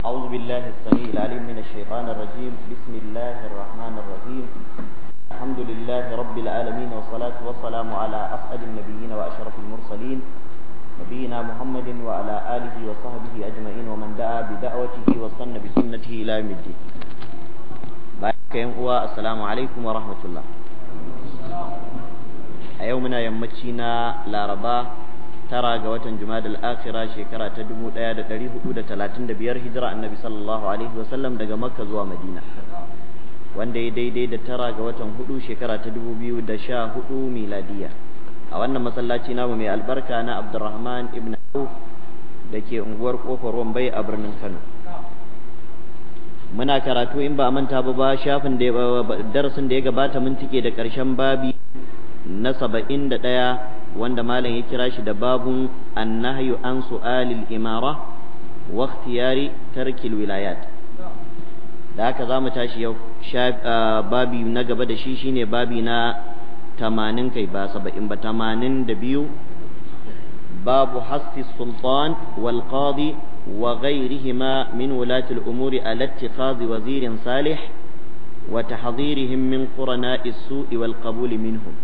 أعوذ بالله السميع العليم من الشيطان الرجيم بسم الله الرحمن الرحيم الحمد لله رب العالمين والصلاة والسلام على أسعد النبيين وأشرف المرسلين نبينا محمد وعلى آله وصحبه أجمعين ومن دعا بدعوته وصن بسنته إلى يوم الدين السلام عليكم ورحمة الله a يمتشينا لا رباه tara ga watan jumadal akhira shekara ta 1435 hijira annabi sallallahu alaihi sallam daga makka zuwa madina wanda ya daidai da tara ga watan hudu shekara ta 2014 miladiya a wannan masallaci namu mai albarka na abdurrahman ibn auf da ke unguwar kofar wambai a birnin kano muna karatu in ba a manta ba ba shafin da darasin da ya gabata mun tike da karshen babi na saba'in wanda malam ya kira shi da babun annahyu an su'alil imara wa ikhtiyari tarkil wilayat da haka zamu tashi yau babi na gaba da shi shine babi na tamanin kai ba saba'in ba tamanin da biyu babu hassi sultan wal qadi wa ghairihima min wulatil umuri ala ittikhadhi wazirin salih wa tahdhirihim min qurana'i as-su'i wal qabuli minhum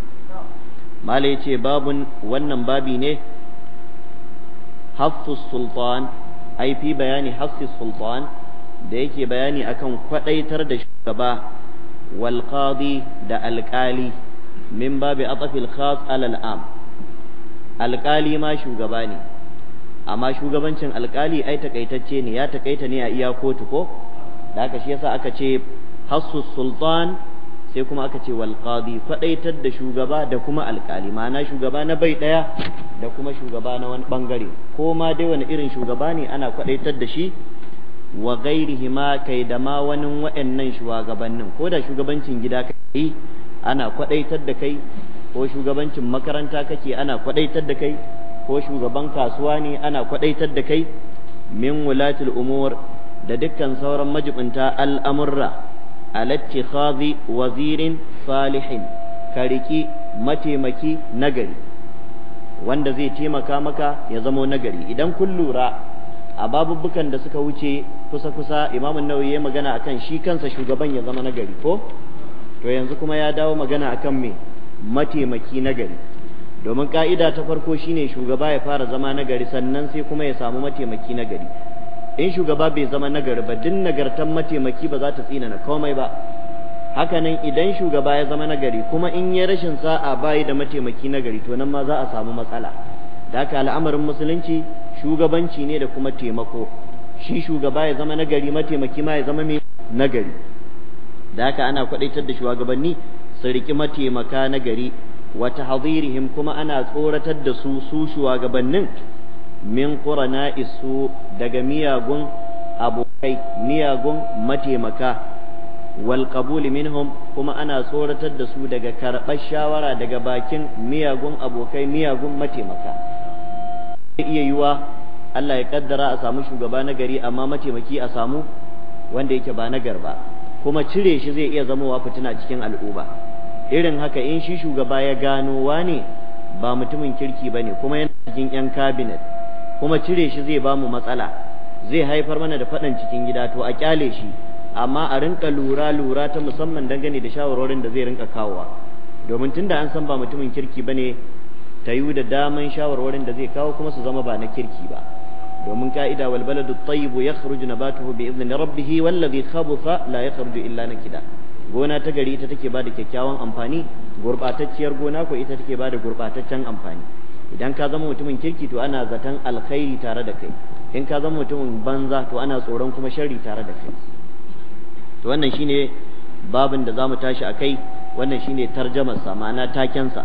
mala ce babun wannan babi ne hafsus sultan Aifi bayani hafsus sultan da yake bayani akan kwadaitar da shugaba wal qadi da alkali min babi atafil khas alal am alkali ma shugaba ne amma shugabancin alkali ai takaitacce ne ya takaita ne a iya kotu ko da haka shi yasa aka ce hassus sultan sai kuma aka ce wal qadi da shugaba da kuma alƙali, ma'ana shugaba na bai ɗaya da kuma shugaba na wani ɓangare. ko ma dai wani irin shugaba ne ana kwadaitar da shi wa ghairihi ma kai da ma wani wa'annan shugabannin ko da shugabancin gida kai ana kwadaitar da kai ko shugabancin makaranta kake ana kwadaitar da kai ko shugaban kasuwa ne ana kwadaitar da kai min wulatul umur da dukkan sauran majibinta al'amurra alattikhazi wazirin salihin ka riki mataimaki nagari wanda zai taimaka maka ya zamo nagari idan kun lura a babubukan da suka wuce kusa-kusa imamun nawawi ya magana akan shi kansa shugaban ya zama nagari ko to yanzu kuma ya dawo magana akan me mataimaki nagari domin ka'ida ta farko shine shugaba ya fara zama nagari sannan sai kuma ya samu mataimaki nagari in shugaba bai zama nagari ba duk nagartan mataimaki ba za ta tsinana komai ba Haka nan, idan shugaba ya zama nagari kuma in yi rashin sa'a bayi da mataimaki nagari to nan ma za a samu matsala da haka al'amarin musulunci shugabanci ne da kuma taimako shi shugaba ya zama nagari mataimaki ma ya zama mai nagari da haka ana kwadaitar da shugabanni su riki mataimaka nagari wata hadirihim kuma ana tsoratar da su su shugabannin min qurana isu daga miyagun abokai miyagun mataimaka wal qabuli minhum kuma ana tsoratar da su daga karɓar shawara daga bakin miyagun abokai miyagun mataimaka zai iya yiwa Allah ya kaddara a samu shugaba na gari amma mataimaki a samu wanda yake ba na garba. kuma cire shi zai iya zamowa fituna cikin al'umma irin haka in shi shugaba ya gano wane ba mutumin kirki ne, kuma yana cikin yan kabinet. kuma cire shi zai ba mu matsala zai haifar mana da faɗan cikin gida to a kyale shi amma a rinka lura lura ta musamman dangane da shawarorin da zai rinka kawowa domin tunda an san ba mutumin kirki bane ta yiwu da daman shawarwarin da zai kawo kuma su zama ba na kirki ba domin ka'ida wal baladu tayyibu yakhruj nabatuhu bi idni rabbih wal ladhi khabutha la yakhruju illa nakida gona ta gari ita take bada kyakkyawan amfani gurbatacciyar gona ko ita take bada gurbataccen amfani idan ka zama mutumin kirki to ana zaton alkhairi tare da kai in ka zama mutumin banza to ana tsoron kuma sharri tare da kai to wannan shine babin da zamu tashi a kai, wannan shine tarjamar sa ma'ana taken sa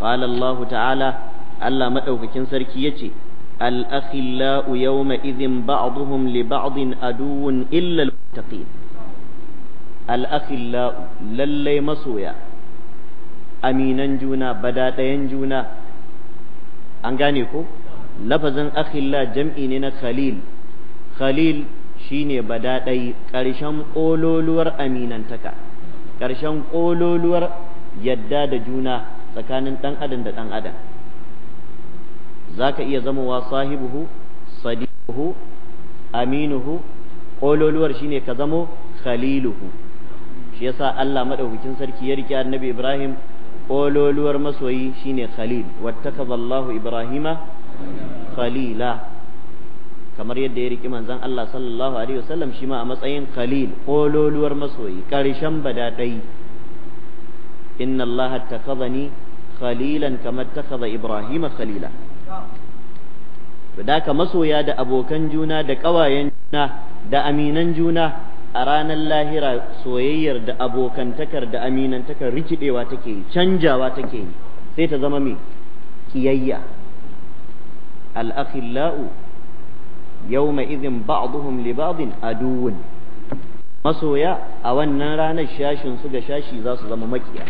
qala Allah ta'ala Allah madaukakin sarki yace al-akhillau yawma idhin ba'dhum li ba'din aduwwun illa al-muttaqin al-akhillau lallai masoya aminan juna badaɗayan juna an gane ko lafazin akhilla jam'i ne na khalil khalil shine badadai ƙarshen ƙololuwar aminantaka ƙarshen ƙololuwar yadda da juna tsakanin dan adam da dan adam zaka iya zama wa sahibuhu sadiquhu aminuhu ƙololuwar shine ka zamo khaliluhu shi yasa Allah madaukakin sarki ya rike annabi Ibrahim ƙololuwar masoyi shine khalil wattakaza Allahu Ibrahima khalila kamar yadda ya riki manzon Allah sallallahu alaihi wasallam shi ma a matsayin khalil ƙololuwar masoyi ƙarshen badaɗai inna Allah attakazani khalilan kamar takaza Ibrahima khalila da ka masoya da abokan juna da ƙawayen juna da aminan juna a ranar lahira soyayyar da abokantakar da aminantakar rikidewa take yi canjawa take yi sai ta zama mai kiyayya al'akhillau yawma izin ba'duhum li ba'din aduwwun masoya a wannan ranar shashin su ga shashi za su zama makiya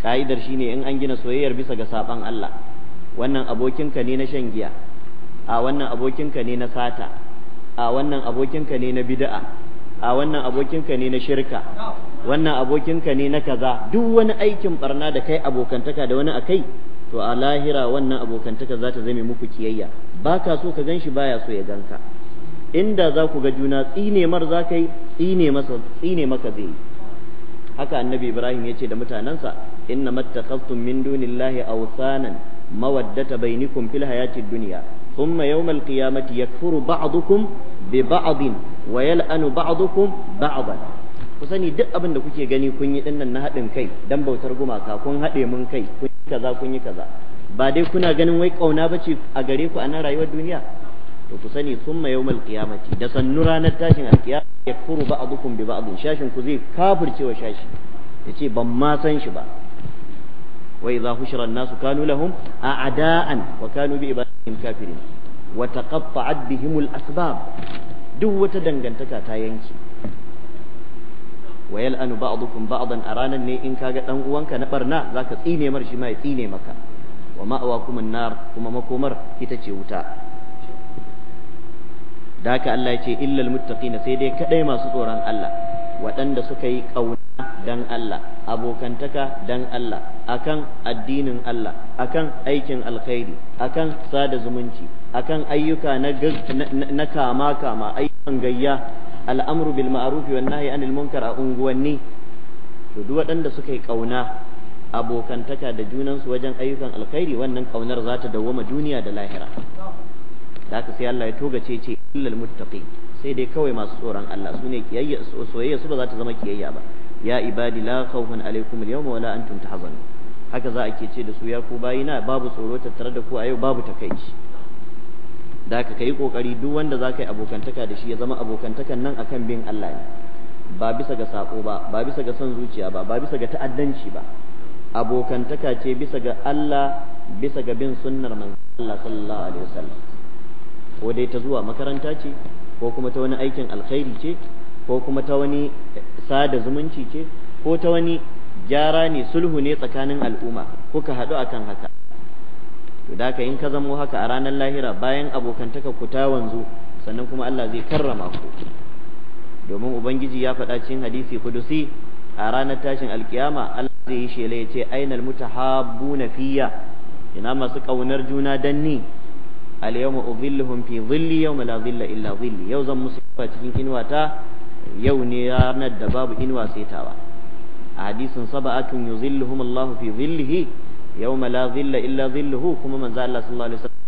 ka'idar shine in an gina soyayyar bisa ga saban Allah wannan abokinka ne na shan giya a wannan abokinka ne na sata a wannan abokinka ne na bid'a a wannan abokinka ne na shirka wannan abokinka ne na kaza duk wani aikin barna da kai abokantaka da wani akai to a lahira wannan abokantaka za ta zame muku kiyayya ba ka so ka gan shi baya so ya ganka inda za ku ga juna tsine mar za ka yi tsine masa tsine maka zai yi haka annabi ibrahim ya ce da mutanensa inna mattakhastum min dunillahi awsanan mawaddata bainakum fil hayatid dunya ثم يوم القيامة يكفر بعضكم ببعض ويلأن بعضكم بعضا kusani duk abin da kuke gani kun yi dinnan na haɗin kai dan bautar gumaka kun haɗe mun kai kun yi kaza kun yi kaza ba dai kuna ganin wai kauna bace a gare ku a nan rayuwar duniya to ku sani summa yawmal qiyamati da sannu ranar tashin alkiyama yakfuru ba'dukum bi ba'd shashin ku zai kafurce wa shashi yace ban ma san shi ba وإذا حشر الناس كانوا لهم أعداء وكانوا بإبادتهم كافرين وتقطعت بهم الأسباب دو وتدنغنتك تاينكي ويلأن بعضكم بعضا أرانا إن كاغت أنقوانك نبرنا ذاك تيني مرشي ما يتيني مكا ومأواكم النار كما مكومر يتشي وتا da haka Allah ya ce illal muttaqina sai dai kadai masu tsoron Allah waɗanda suka yi ƙauna dan Allah abokantaka dan Allah akan addinin Allah akan aikin alkhairi akan sada zumunci akan ayyuka na kama kama ayyukan gayya al'amru bil ma'ruf wan nahyi anil munkar a unguwanni to duk waɗanda suka yi kauna abokantaka da junansu wajen ayyukan alkhairi wannan kaunar za ta dawwama duniya da lahira da haka sai Allah ya togace ce illal muttaqin sai dai kawai masu tsoron Allah su kiyayya soyayya su ba za ta zama kiyayya ba ya ibadi la khawfan alaikum alyawma wala antum tahzanun haka za a ke ce da su ya ku bayina babu tsoro tattare da ku a yau babu takaici da ka kai kokari duk wanda za ka yi abokantaka da shi ya zama abokantakan nan akan bin Allah ne ba bisa ga sako ba ba bisa ga son zuciya ba ba bisa ga ta'addanci ba abokantaka ce bisa ga Allah bisa ga bin sunnar manzon Allah sallallahu alaihi wasallam ko dai ta zuwa makaranta ce ko kuma ta wani aikin alkhairi ce ko kuma ta wani sada zumunci ce ko ta wani gyara ne sulhu ne tsakanin al'umma kuka haɗu akan haka to da in ka zamo haka a ranar lahira bayan abokantaka ku ta wanzu sannan kuma Allah zai karrama ku domin ubangiji ya faɗa cikin hadisi kudusi a ranar tashin alkiyama Allah zai yi shela ya ce ainal mutahabbuna fiyya ina masu kaunar juna danni al yawma udhilluhum fi dhilli yawma la dhilla illa dhilli yau zan musu cikin inuwata yau ne ranar da babu inuwa saitawa a hadisin saba'atun yuzilluhum Allah fi zillihi yawma la zilla illa zilluhu kuma manzo Allah sallallahu alaihi wasallam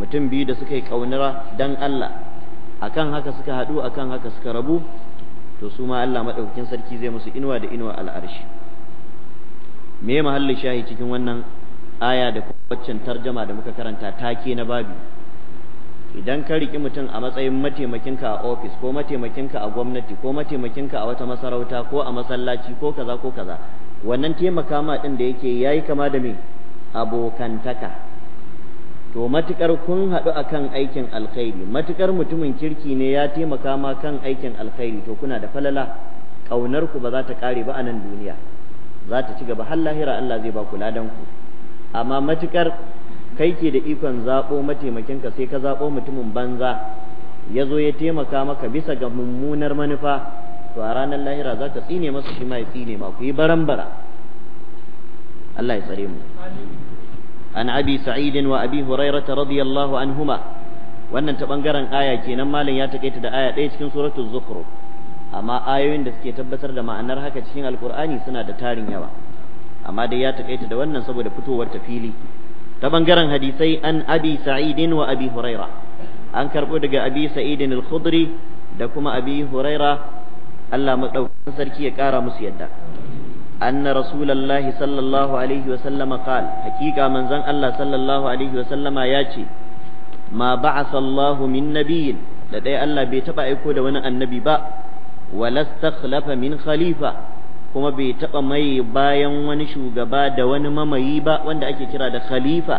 mutum biyu da suka yi kaunira dan Allah akan haka suka haɗu akan haka suka rabu to su ma Allah madaukakin sarki zai musu inuwa da inuwa al'arshi me mahallin shahi cikin wannan aya da waccan tarjama da muka karanta take na babi idan ka riki mutum a matsayin mataimakinka a ofis ko mataimakinka a gwamnati ko mataimakinka a wata masarauta ko a masallaci ko kaza ko kaza wannan taimaka ma din da yake yayi kama da mai abokantaka to matukar kun haɗu akan aikin alkhairi matukar mutumin kirki ne ya taimaka ma kan aikin alkhairi to kuna da falala ƙaunar ku ba za ta ƙare ba a nan duniya za ta ci gaba har lahira Allah zai ba ku ladan ku amma matukar kai ke da ikon zaɓo mataimakinka sai ka zaɓo mutumin banza ya zo ya taimaka maka bisa ga mummunar manufa to a ranar lahira za ka tsine masa shi ma ya tsine ma ku yi barambara Allah ya tsare mu an abi sa'idin wa abi hurairata radiyallahu anhuma wannan ta bangaren aya kenan malam ya takaita da aya ɗaya cikin suratul zukhruf amma ayoyin da suke tabbatar da ma'anar haka cikin alkur'ani suna da tarin yawa amma dai ya takaita da wannan saboda fitowar ta fili ta bangaren hadisai an abi sa'idin wa abi huraira an karbo daga abi sa'idin al-khudri da kuma abi huraira Allah madaukakin sarki ya kara musu yadda anna rasulullahi sallallahu alaihi wa sallama qal hakika manzon Allah sallallahu alaihi wa sallama ya ce ma ba'atha Allahu min nabiyyin da dai Allah bai taba aiko da wani annabi ba wala min khalifa kuma bai taɓa mai bayan wani shugaba da wani mamayi ba wanda ake kira da khalifa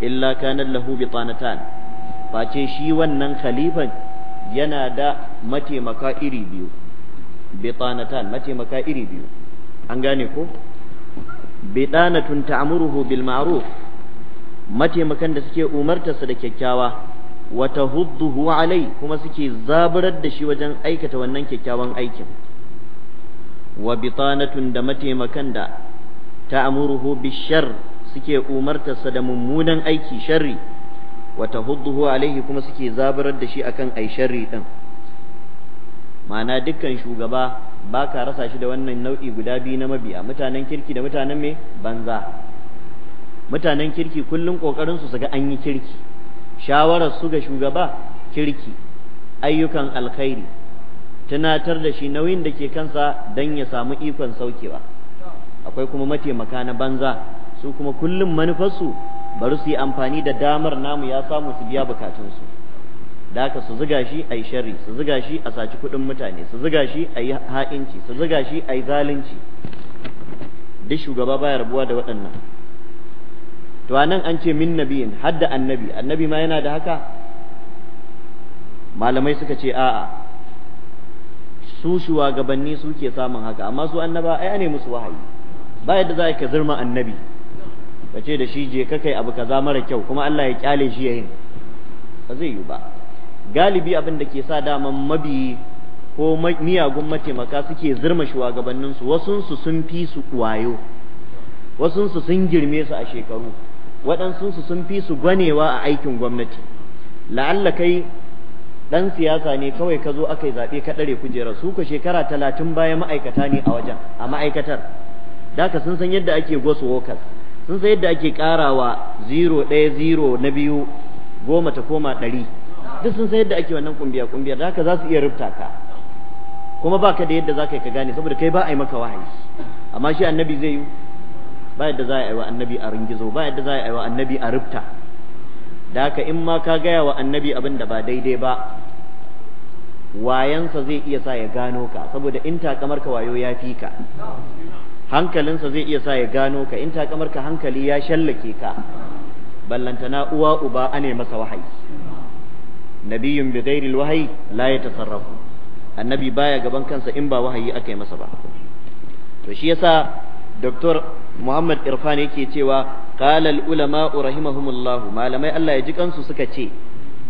illa kana lahu bitanatan face shi wannan khalifan yana da mataimaka iri biyu tanatan mataimaka iri biyu an gane ko tanatun ta'muruhu bil ma'ruf mataimakan da suke umartarsa da kyakkyawa wa tahudduhu alai kuma suke zaburar da shi wajen aikata wannan kyakkyawan aikin wa bitanatun da mataimakan da ta'muruhu bishar suke umartarsa da mummunan aiki sharri wata tahudduhu alaihi kuma suke zabarar da shi akan ai sharri din ma'ana dukkan shugaba ba ka rasa shi da wannan nau'i guda biyu na mabiya mutanen kirki da mutanen me banza mutanen kirki kullum kokarin su ga an yi kirki shawarar su ga shugaba kirki ayyukan alkhairi tunatar da shi nauyin da ke kansa don ya samu ikon saukewa akwai kuma mataimaka na banza su kuma kullum manufarsu bari su yi amfani da damar namu ya samu su biya bukatunsu da haka su ziga shi a yi shari su ziga shi a saci kuɗin mutane su ziga shi a yi ha'inci su ziga shi a yi zalunci duk shugaba baya rabuwa da waɗannan to anan an ce min nabiyin hadda annabi annabi ma yana da haka malamai suka ce a'a su shugabanni suke samun haka amma su annaba ai ane musu wahayi ba yadda za ka zirma annabi ka ce da shi je ka kai abu kaza mara kyau kuma Allah ya kyale shi yayin ba zai yi ba galibi abin da ke sa daman mabi ko miyagun mataimaka suke zirma shugabanninsu wasunsu sun fi su wayo wasunsu sun girme su a shekaru waɗansunsu sun fi su gwanewa a aikin gwamnati la'alla kai dan siyasa ne kawai ka zo aka yi zaɓe ka ɗare kujera su ka shekara talatin baya ma'aikata ne a wajen a ma'aikatar daka sun san yadda ake gos wokas sun san yadda ake ƙarawa zero ɗaya zero na biyu goma ta koma ɗari duk sun san yadda ake wannan kumbiya kumbiya da za su iya rubuta ka kuma baka da yadda za ka yi ka gane saboda kai ba a yi maka wahayi amma shi annabi zai yi ba yadda za a yi wa annabi a ringizo ba yadda za a yi wa annabi a rubuta da haka in ma ka gaya wa annabi abin da ba daidai ba wayansa zai iya sa ya gano ka saboda in takamar ka wayo ya fi ka hankalinsa zai iya sa ya gano ka in takamar ka hankali ya shallake ka ballantana uwa uba ane masa wahayi nabiyun bi ghairi alwahyi la yatasarrafu annabi baya gaban kansa in ba wahayi aka yi masa ba to shi yasa Dr. Muhammad Irfan yake cewa qala al ulama rahimahumullah malamai Allah ya ji kansu suka ce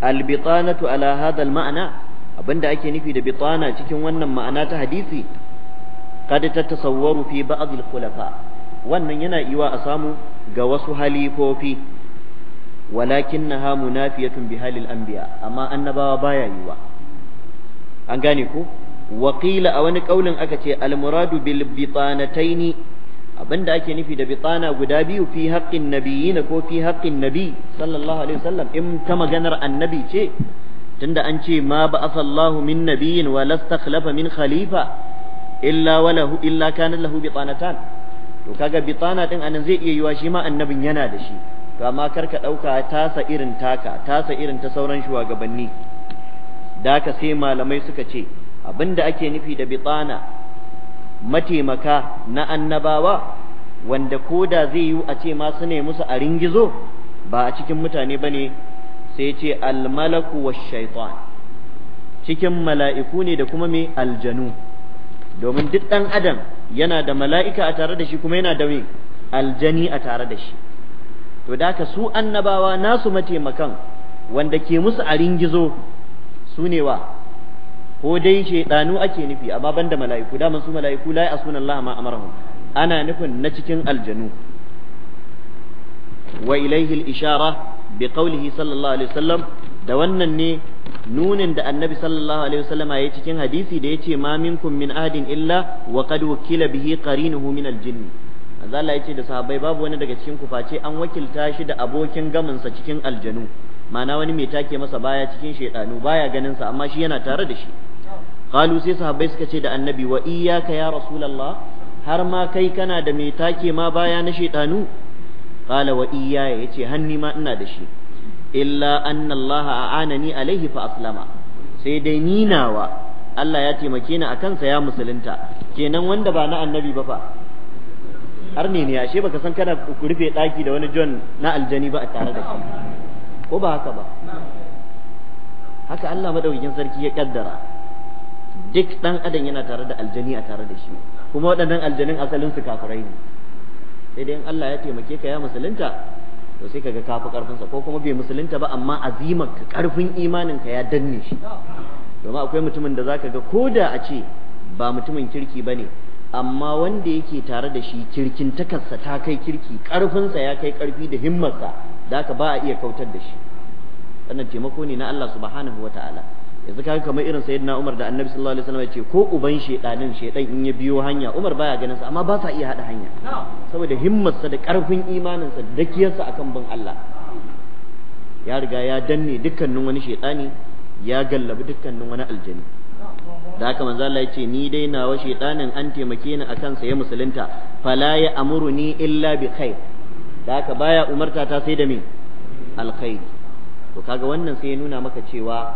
al ala hadha ma'ana abinda ake nufi da bitana cikin wannan ma'ana ta hadisi kad tatasawwaru fi ba'd al khulafa wannan yana iwa a samu ga wasu halifofi walakinnaha munafiyatun bi halil anbiya amma annabawa baya yiwa an gane wani وقيل aka ce almuradu المراد ne. abinda ake nufi da bitana guda biyu fi haƙƙin nabiyina ko fi haƙƙin nabi sallallahu alaihi wasallam in ta maganar annabi ce tunda an ce ma ba'athallahu min nabiyyin wa lastakhlafa min khalifa illa walahu illa kana lahu bitanatan to kaga bitana din anan zai iya yiwa shi ma annabin yana da shi to amma kar ka dauka tasa irin taka tasa irin ta sauran shugabanni da ka sai malamai suka ce abinda ake nufi da bitana mataimaka na annabawa wanda ko da zai yiwu a ce ma su ne musu a ringizo ba a cikin mutane ba ne sai ce almalaku wa shaitan cikin mala'iku ne da kuma mai aljanu domin duk ɗan adam yana da mala'ika a tare da shi kuma yana da mai aljani a tare da shi to da ka su annabawa nasu mataimakan wanda ke musu a ringizo su ne wa ko dai ɗanu ake nufi amma banda mala'iku da su mala'iku la ya'suna Allah ma amarahum ana nufin na cikin aljanu wa ilayhi al-ishara bi qawlihi sallallahu alaihi wasallam da wannan ne nunin da annabi sallallahu alaihi wasallama ya cikin hadisi da yace ma minkum min ahadin illa wa qad wukila bihi qarinuhu min al-jinn manzo Allah da sahabbai babu wani daga cikin ku face an wakilta shi da abokin gaminsa cikin aljanu ma'ana wani mai take masa baya cikin shaidanu baya ganin sa amma shi yana tare da shi qalu sai sahabbai suka ce da annabi wa iyyaka ya rasulullah har ma kai kana da mai take ma baya na shaidanu qala wa iyaya yace hanni ma ina da shi illa anna allaha a'anani alaihi fa aslama sai dai ni nawa Allah ya taimake ni akan sa ya musulunta kenan wanda ba na annabi ba fa har ne ne ashe baka san kana rufe daki da wani John na aljani ba a tare da shi ko ba haka ba haka Allah madaukakin sarki ya kaddara duk dan adam yana tare da aljani a tare da shi kuma waɗannan aljanin asalin su kafirai ne sai dai in Allah ya taimake ka ya musulunta to sai kaga kafi karfin sa ko kuma bai musulunta ba amma azimar ka karfin imanin ka ya danne shi domin akwai mutumin da zaka ga koda a ce ba mutumin kirki bane amma wanda yake tare da shi kirkin takarsa ta kai kirki karfinsa ya kai karfi da himmarsa da haka ba a iya kautar da shi wannan taimako ne na Allah subhanahu wa ta'ala yanzu kaga kamar irin sayyidina Umar da Annabi sallallahu alaihi wasallam ya ce ko uban shedanin shedan in ya biyo hanya Umar baya ganin sa amma ba sa iya hada hanya saboda himmarsa da karfin sa da dakiyarsa akan bin Allah ya riga ya danne dukkanin wani shedani ya gallabi dukkanin wani aljani da haka manzo Allah yace ni dai nawa shedanin an taimake ni akan sa ya musulunta fala ya amuru ni illa bi khair da aka baya umarta ta sai da me alkhairi to kaga wannan sai ya nuna maka cewa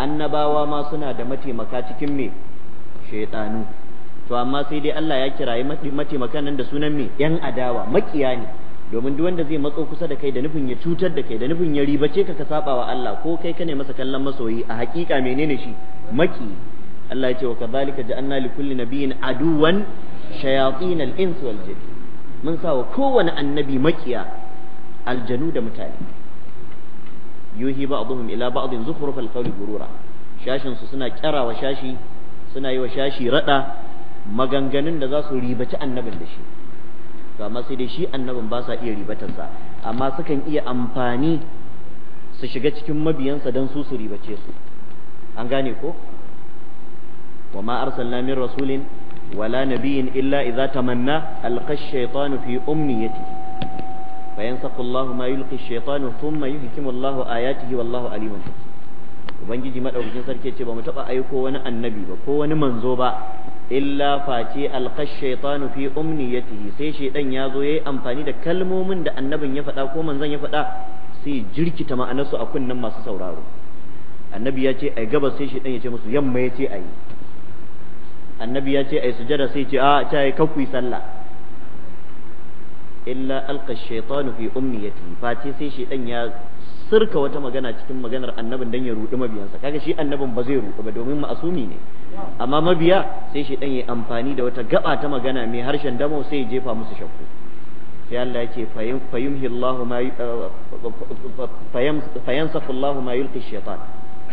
annabawa ma suna da mataimaka cikin me shaidanu to amma sai dai Allah ya kiraye mataimakan nan da sunan me yan adawa makiya ne domin duk wanda zai matso kusa da kai da nufin ya cutar da kai da nufin ya ribace ka ka saba wa Allah ko kai kane masa kallon masoyi a hakika menene shi maki Allah ya ce wa kadhalika ja'alna likulli nabiyyin aduwan shayatin al-ins wal jinn mun sa wa kowane annabi makiya aljanu da mutane yuhi ba'dhum ila ba'dhin zukhruf al-qawli gurura shashin su suna kyara wa shashi suna yi wa shashi rada maganganun da za su ribaci annabin da shi to amma sai dai shi annabin ba sa iya ribatarsa amma sukan iya amfani su shiga cikin mabiyansa don su su ribace su an gane ko wa ma arsalna min rasulin ولا نبي إلا إذا تمنى ألقى الشيطان في أمنيته فينسق الله ما يلقي الشيطان ثم يحكم الله آياته والله عليم ubangiji madaukakin sarki ce ba mu taba aiko wani annabi ba ko wani manzo ba illa face alqash shaytanu fi umniyatihi sai shaydan ya zo yayi amfani da kalmomin da annabin ya faɗa ko manzon ya faɗa sai jirkita ma'anarsu a kunnen masu sauraro annabi ya ce ai gaba sai shaydan ya ce musu yamma ya ce ai annabi ya ce ai sujada sai ce a ta yi kakkui sallah illa alqa shaytanu fi ummiyati face sai ya sirka wata magana cikin maganar annabin dan ya rudi mabiyansa kaga shi annabin ba zai rudi ba domin ma'asumi ne amma mabiya sai shedan ya amfani da wata gaba ta magana mai harshen damo sai ya jefa musu shakku sai Allah yake fayumhi Allahu ma ma yulqi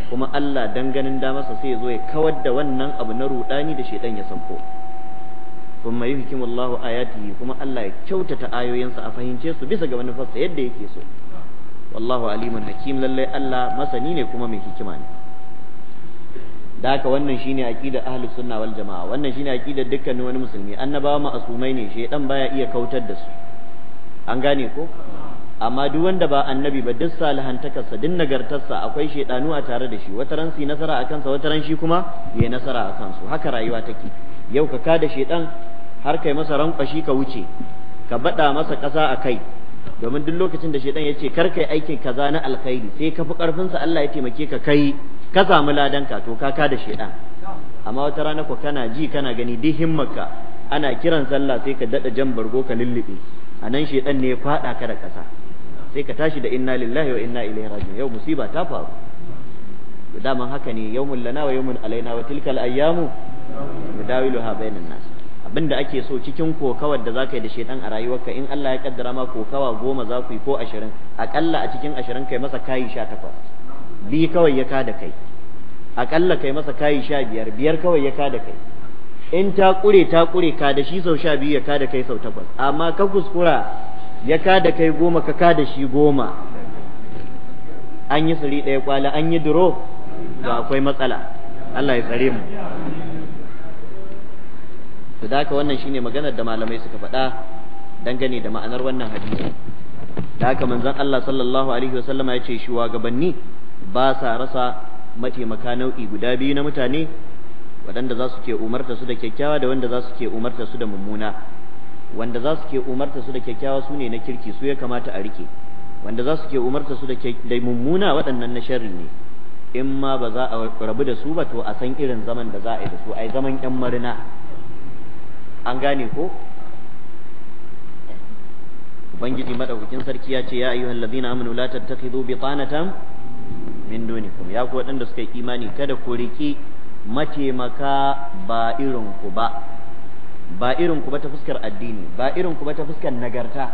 kuma Allah dan ganin damarsa sai ya zo ya kawar da wannan abu na ruɗani da shedan ya sanko kuma hikimu Allah ayatihi kuma Allah ya kyautata ayoyinsa a fahimce su bisa ga manufarsa yadda yake so wallahu aliman hakim lallai Allah masani ne kuma mai hikima ne da haka wannan shine aqidar ahli sunna wal jamaa wannan shine aqidar dukkanin wani musulmi annabawa asumai ne shedan baya iya kautar da su an gane ko amma duk wanda ba annabi ba duk salihantakarsa duk nagartarsa akwai shaidanu a tare da shi wata ran su nasara a kansa wata ran shi kuma ya nasara a kansu haka rayuwa take yau ka kada shaidan har kai masa rankwashi ka wuce ka bada masa ƙasa a kai domin duk lokacin da shaidan ya ce kar kai aikin kaza na alkhairi sai ka fi sa Allah ya taimake ka kai ka samu ka to ka kada shaidan amma wata rana ko kana ji kana gani duk himmarka ana kiran sallah sai ka dada jan bargo ka lullube a nan shaidan ne ya faɗa ka da ƙasa sai ka tashi da inna lillahi wa inna ilaihi raji'un yau musiba ta faru daman haka ne yawmun lana wa yawmun alaina wa tilkal ayyamu mudawiluha bainan nas abinda ake so cikin kokawar da zaka yi da shedan a rayuwarka in Allah ya kaddara ma kokawa goma za ku yi ko ashirin akalla a cikin ashirin kai masa kayi sha takwas bi kawai ya kada kai akalla kai masa kayi sha biyar biyar kawai ya kada kai in ta kure ta kure ka da shi sau sha biyu ya kada kai sau takwas amma ka kuskura ya ka da kai goma ka ka da shi goma an yi tsari ɗaya kwala an yi duro ba akwai matsala Allah ya tsare mu to haka wannan shine maganar da malamai suka faɗa dangane da ma'anar wannan hadisi da haka manzon Allah sallallahu alaihi wasallama ya ce shugabanni ba sa rasa mataimaka nau'i guda biyu na mutane waɗanda za su ke umarta su da kyakkyawa da wanda za su ke umarta su da mummuna wanda za su ke umarta su da kyakkyawa su ne na kirki su ya kamata a rike wanda za su ke umarta su da mummuna waɗannan na sharri ne in ma ba za a rabu da su ba to a san irin zaman da za a yi da su ai zaman yan marina an gane ko ubangiji madaukakin sarki ya ce ya ayyuhal ladina amanu la tattakhidhu bitanatan min dunikum ya ku waɗanda suka yi imani kada ku riki mataimaka ba irin ku ba ba irin ku ba ta fuskar addini ba irin ku ba ta fuskar nagarta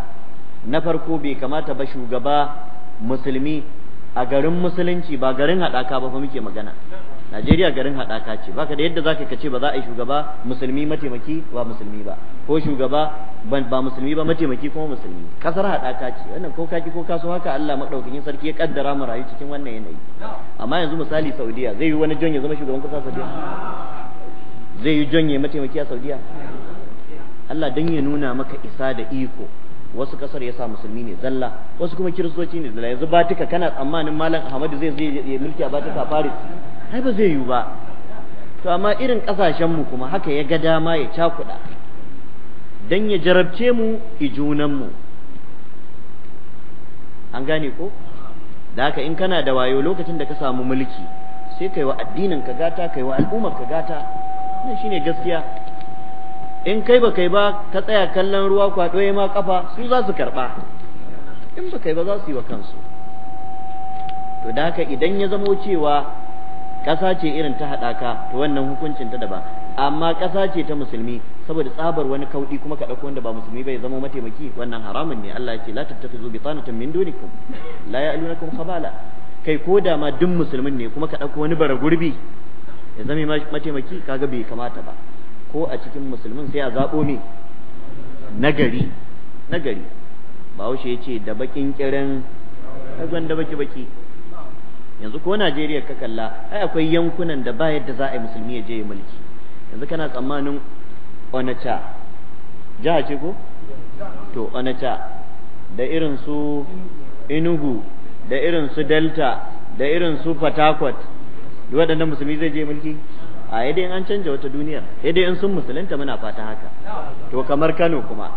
na farko bai kamata ba shugaba musulmi a garin musulunci ba garin haɗaka ba fa muke magana Najeriya garin haɗaka ce baka da yadda zaka kace ba za a yi shugaba musulmi mataimaki ba musulmi ba ko shugaba ba musulmi ba mataimaki kuma musulmi kasar haɗaka ce wannan ko kaki ko kaso haka Allah madaukakin sarki ya kaddara mu rayu cikin wannan yanayi amma yanzu misali Saudiya zai yi wani jonye ya zama shugaban kasar Saudiya zai yi jonye ya mataimaki a Saudiya Allah dan ya nuna maka isa da iko wasu kasar ya sa musulmi ne zalla wasu kuma kiristoci ne zalla yanzu batika kana tsammanin malam ahmadu zai zai ya mulki a batika a paris ai ba zai yiwu ba to amma irin kasashen mu kuma haka ya ga dama ya cakuda dan ya jarabce mu ijunan mu an gane ko da haka in kana da wayo lokacin da ka samu mulki sai kai wa addinin ka gata kai wa al'ummar ka gata shine gaskiya in kai ba kai ba ka tsaya kallon ruwa kwaɗo ya ma kafa su za su karɓa in ba kai ba za su yi wa kansu to da haka idan ya zamo cewa ƙasa ce irin ta haɗaka to wannan hukuncin ta daban amma ƙasa ce ta musulmi saboda tsabar wani kauɗi kuma ka ɗauko wanda ba musulmi bai zama mataimaki wannan haramun ne Allah ya ce la tattakhizu bitanatan min dunikum la ya'lunakum khabala kai ko da ma duk musulmin ne kuma ka ɗauko wani bara gurbi ya zama mataimaki kaga bai kamata ba ko a cikin musulmin sai a zaɓo ne nagari nagari bahaushe ya ce da bakin kiran ragon da baki baki yanzu ko najeriya ka kalla ai akwai yankunan da ba yadda za a yi musulmi ya je ya mulki yanzu kana tsammanin onacha jiha ce ko to onacha da irin su inugu da irin su delta da irin su fatakwat waɗanda musulmi zai je mulki a yadda an canja wata duniyar yadda in sun musulunta muna fata haka to kamar Kano kuma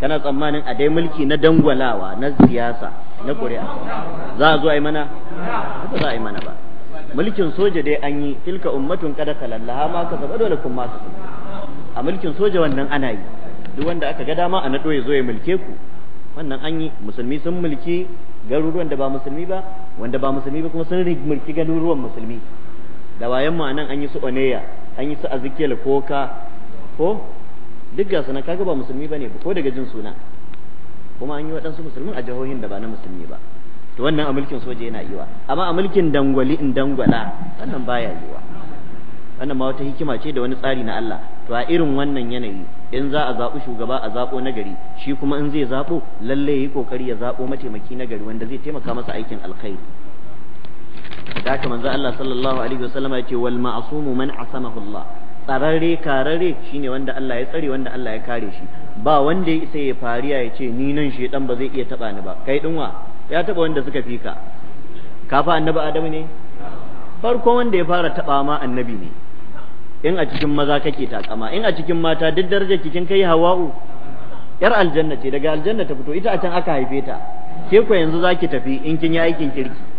kana tsammanin a dai mulki na dangwalawa na siyasa na Kuri'a za a zo a yi mana ba za a yi mana ba mulkin soja dai an yi tilka ummatun kada kalallaha ma ka saba dole kun masu a mulkin soja wannan ana yi duk wanda aka ga dama a na ya zo ya mulke ku wannan an yi musulmi sun mulki garuruwan da ba musulmi ba wanda ba musulmi ba kuma sun mulki garuruwan musulmi da bayan mu anan an yi su oneya an yi su azikiyar koka ko duk ga suna kaga ba musulmi bane ko daga jin suna kuma an yi waɗansu musulmin a jihohin da ba na musulmi ba to wannan a mulkin soja yana yiwa amma a mulkin dangwali in dangwala wannan baya yiwa wannan ma wata hikima ce da wani tsari na Allah to a irin wannan yanayi in za a zaɓi shugaba a zaɓo nagari shi kuma in zai zaɓo lallai ya yi ƙoƙari ya zaɓo mataimaki nagari wanda zai taimaka masa aikin alkhairi da haka manzo Allah sallallahu alaihi ya ce wal ma'sumu man asamahu Allah tsararre kararre shine wanda Allah ya tsare wanda Allah ya kare shi ba wanda ya isa ya fariya ya ce ni nan shedan ba zai iya taba ni ba kai dinwa ya taba wanda suka fika kafa annabi adamu ne farko wanda ya fara taba ma annabi ne in a cikin maza kake takama in a cikin mata duk darajar kikin kai hawa'u yar aljanna ce daga aljanna ta fito ita a can aka haife ta ke ku yanzu zaki tafi in kin yi aikin kirki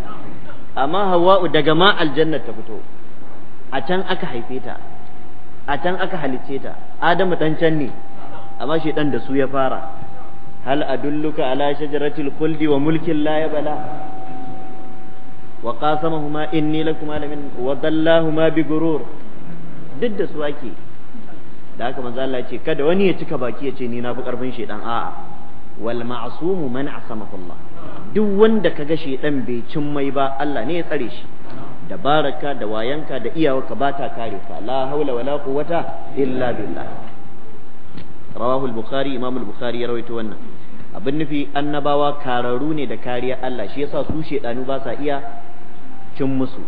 amma hawa'u daga ma aljanna ta fito a can aka haife ta a can aka halicce ta adamu dan can ne amma shedan da su ya fara hal adulluka ala shajaratil khuldi wa mulkin la yabla wa qasamahuma inni lakum alamin wa dallahuma bi gurur duk da su ake da haka manzo Allah ce kada wani ya cika baki ya ce ni na fi karfin shedan a'a wal ma'sumu man asamahu Allah duk wanda ka ga dan bai cin mai ba Allah ne ya tsare shi da baraka da wayanka da iyawarka ba ta kare ka la haula wala quwwata illa billah rawahu al-bukhari imam al-bukhari ya rawaito wannan abin nufi annabawa kararu ne da kariya Allah shi yasa su shedanu ba sa iya cin musu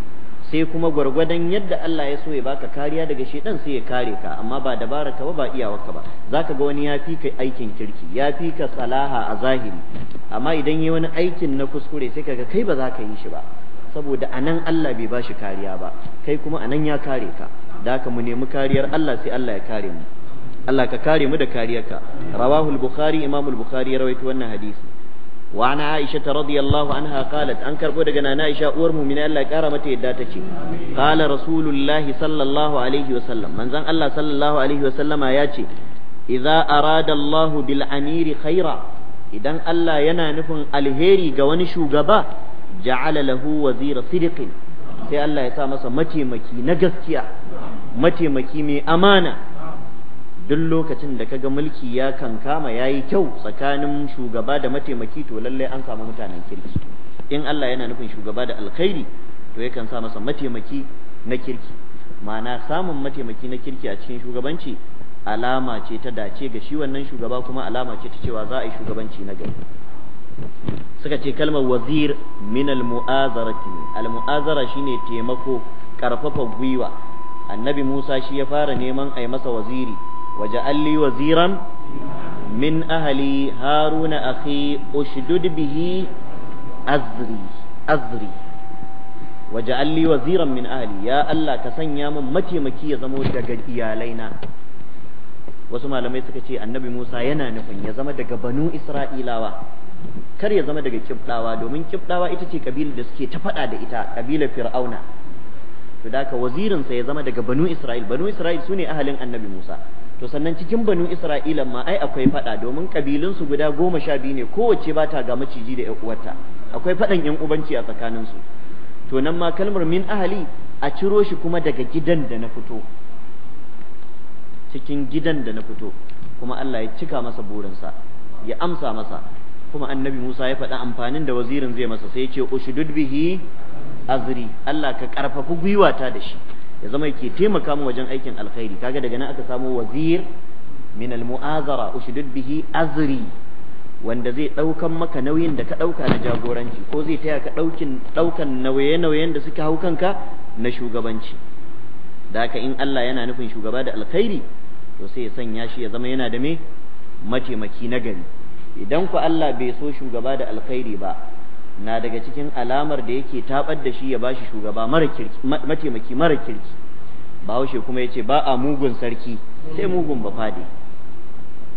sai kuma gwargwadon yadda Allah ya so ya baka kariya daga shedan sai ya kare ka amma ba dabara ka ba ba iyawarka ba zaka ga wani ya fi ka aikin kirki ya fi ka salaha a zahiri amma idan yi wani aikin na kuskure sai kaga kai ba za ka yi shi ba saboda anan Allah bai bashi kariya ba kai kuma anan ya kare ka da ka mu nemi kariyar Allah sai Allah ya kare mu Allah ka kare mu da kariyarka rawahul bukhari imamul bukhari ya rawaito wannan hadisi wa aisha ta radiyallahu anha qalat an karbo daga nana aisha uwar mu'mina Allah ya mata yadda ta ce qala rasulullah sallallahu alaihi wa sallam manzon Allah sallallahu alaihi wa sallama ya ce idza arada Allah bil amiri khaira idan Allah yana nufin alheri ga wani shugaba ja'ala lahu wazira sidiqin sai Allah ya sa masa mataimaki na gaskiya mataimaki mai amana duk lokacin da kaga mulki ya kankama yayi kyau tsakanin shugaba da mataimaki to lalle an samu mutanen kirki in Allah yana nufin shugaba da alkhairi to yakan sa masa mataimaki na kirki ma'ana samun mataimaki na kirki a cikin shugabanci alama ce ta dace ga shi wannan shugaba kuma alama ce ta cewa za a yi shugabanci na gari suka ce kalmar wazir min almu'azarati almu'azara shine taimako karfafa gwiwa annabi Musa shi ya fara neman ai masa waziri وجعل لي وزيرا من أهلي هارون أخي أشدد به أزري أزري وجعل لي وزيرا من أهلي يا الله كسن يا ممتي مكي يزمو دقا إيالينا wasu malamai suka ce annabi Musa yana nufin ya zama daga banu Isra'ilawa kar ya zama daga kibdawa domin kibdawa ita ce kabilar da suke ta faɗa da ita kabilar fir'auna to da wazirinsa ya zama daga banu Isra'il banu Isra'il sune ahalin annabi Musa to sannan cikin banu isra'ila ma ai akwai fada domin kabilunsu guda goma sha biyu ne kowace ba ta ga maciji da yan akwai fadan yan ubanci a tsakaninsu to nan ma kalmar min ahali a ciro shi kuma daga gidan da na fito cikin gidan da na fito kuma Allah ya cika masa burinsa ya amsa masa kuma annabi Musa ya faɗa amfanin da wazirin zai masa sai ya ce ushudud bihi azri Allah ka karfafa gwiwata da shi ya zama yake taimaka mu wajen aikin alkhairi kaga daga nan aka samu wazir min almu'azara ushdud bihi azri wanda zai ɗaukan maka nauyin da ka ɗauka na jagoranci ko zai taya ka ɗaukan nauye-nauyen da suka hau kanka na shugabanci da haka in Allah yana nufin shugaba da alkhairi to sai ya sanya shi ya zama yana da me mataimaki na gari idan ku Allah bai so shugaba da alkhairi ba na daga cikin alamar da yake tabar da shi ya ba shi shugaba mataimaki mara kirki bahaushe kuma ya ce ba a mugun sarki sai mugun ba fadi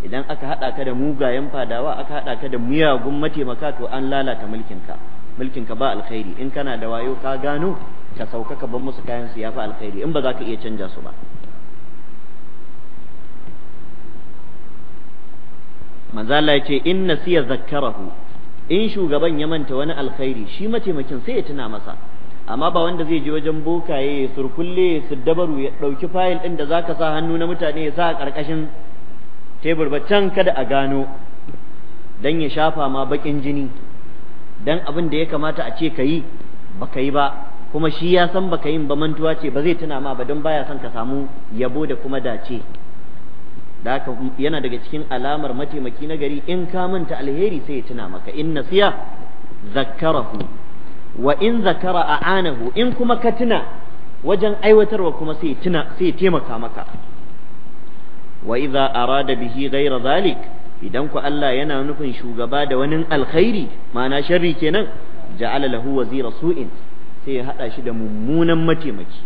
idan aka haɗa ka da mugayen fadawa aka haɗa ka da miyagun mataimaka to an lalata mulkinka mulkinka ba alkhairi in kana da wayo ka gano ka sauka ka bar musu kayan su fi alkhairi in ba za ka iya canja su ba manzo Allah ya ce in nasiya zakkarahu in shugaban ya manta wani alkhairi shi mataimakin sai ya tuna masa amma ba wanda zai je wajen bokaye ya surkulle su dabaru ya ɗauki fayil ɗin da zaka sa hannu na mutane ya sa a ƙarƙashin tebur ba can kada a gano dan ya shafa ma baƙin jini dan abin da ya kamata a ce ka yi ba ka yi ba kuma shi ya san baka yin ba mantuwa ce ba zai tuna ma ba don baya son ka samu yabo da kuma dace da haka yana daga cikin alamar mataimaki na gari in ka manta alheri sai ya tuna maka in nasiya zakkarahu wa in zakara a'anahu in kuma ka tuna wajen aiwatarwa kuma sai tuna sai taimaka maka wa idza arada bihi ghayra zalik idan ku Allah yana nufin shugaba da wani alkhairi ma'ana sharri kenan ja'ala lahu wazira su'in sai ya hada shi da mummunan mataimaki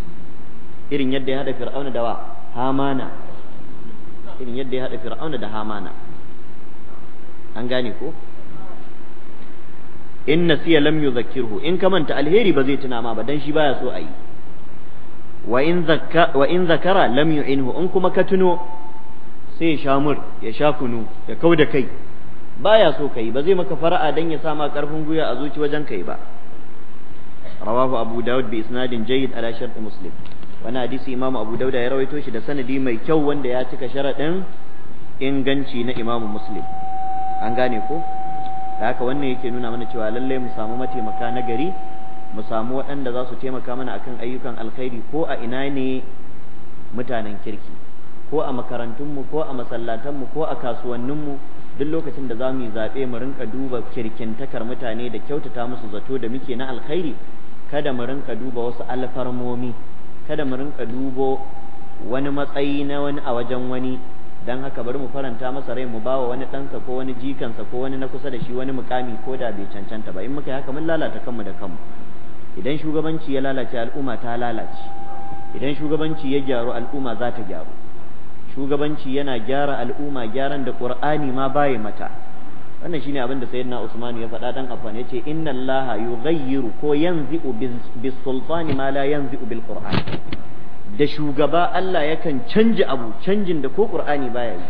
irin yadda ya hada fir'auna da wa hamana irin yadda ya haɗa fir'auna da hamana an gane ko in nasiya lam yuzakkirhu in ka manta alheri ba zai tuna ma ba dan shi baya so a yi wa in zakara lam yu'inhu in kuma ka tuno sai ya sha ya sha kunu ya kau da kai baya so kai ba zai maka fara'a dan ya sama karfin guya a zuci wajen kai ba rawahu abu dawud bi isnadin jayyid ala shart muslim wani hadisi imam abu dauda ya rawaito shi da sanadi mai kyau wanda ya cika sharaɗin inganci na imam muslim an gane ko da haka wannan yake nuna mana cewa lallai mu samu mataimaka na gari mu samu waɗanda za su taimaka mana akan ayyukan alkhairi ko a ina ne mutanen kirki ko a makarantunmu ko a masallatanmu ko a kasuwanninmu duk lokacin da za mu yi zaɓe mu rinka duba kirkintakar mutane da kyautata musu zato da muke na alkhairi kada mu rinka duba wasu alfarmomi kada mu rinka dubo wani matsayi na wani a wajen wani dan haka bari mu faranta masa rai mu bawa wani ɗansa ko wani jikansa ko wani na kusa da shi wani mukami ko da bai cancanta ba in muka yi haka mun lalata kanmu da kanmu idan shugabanci ya lalace al'umma ta lalace idan shugabanci ya gyaru al'umma za ta gyaru shugabanci yana gyara al'umma gyaran da qur'ani ma baya mata wannan shine abin da sayyidina Usman ya faɗa dan Affan yace inna Allah yughayyiru ko yanzi'u bis sultani ma la yanzi'u bil qur'an da shugaba Allah yakan canji abu canjin da ko qur'ani baya yi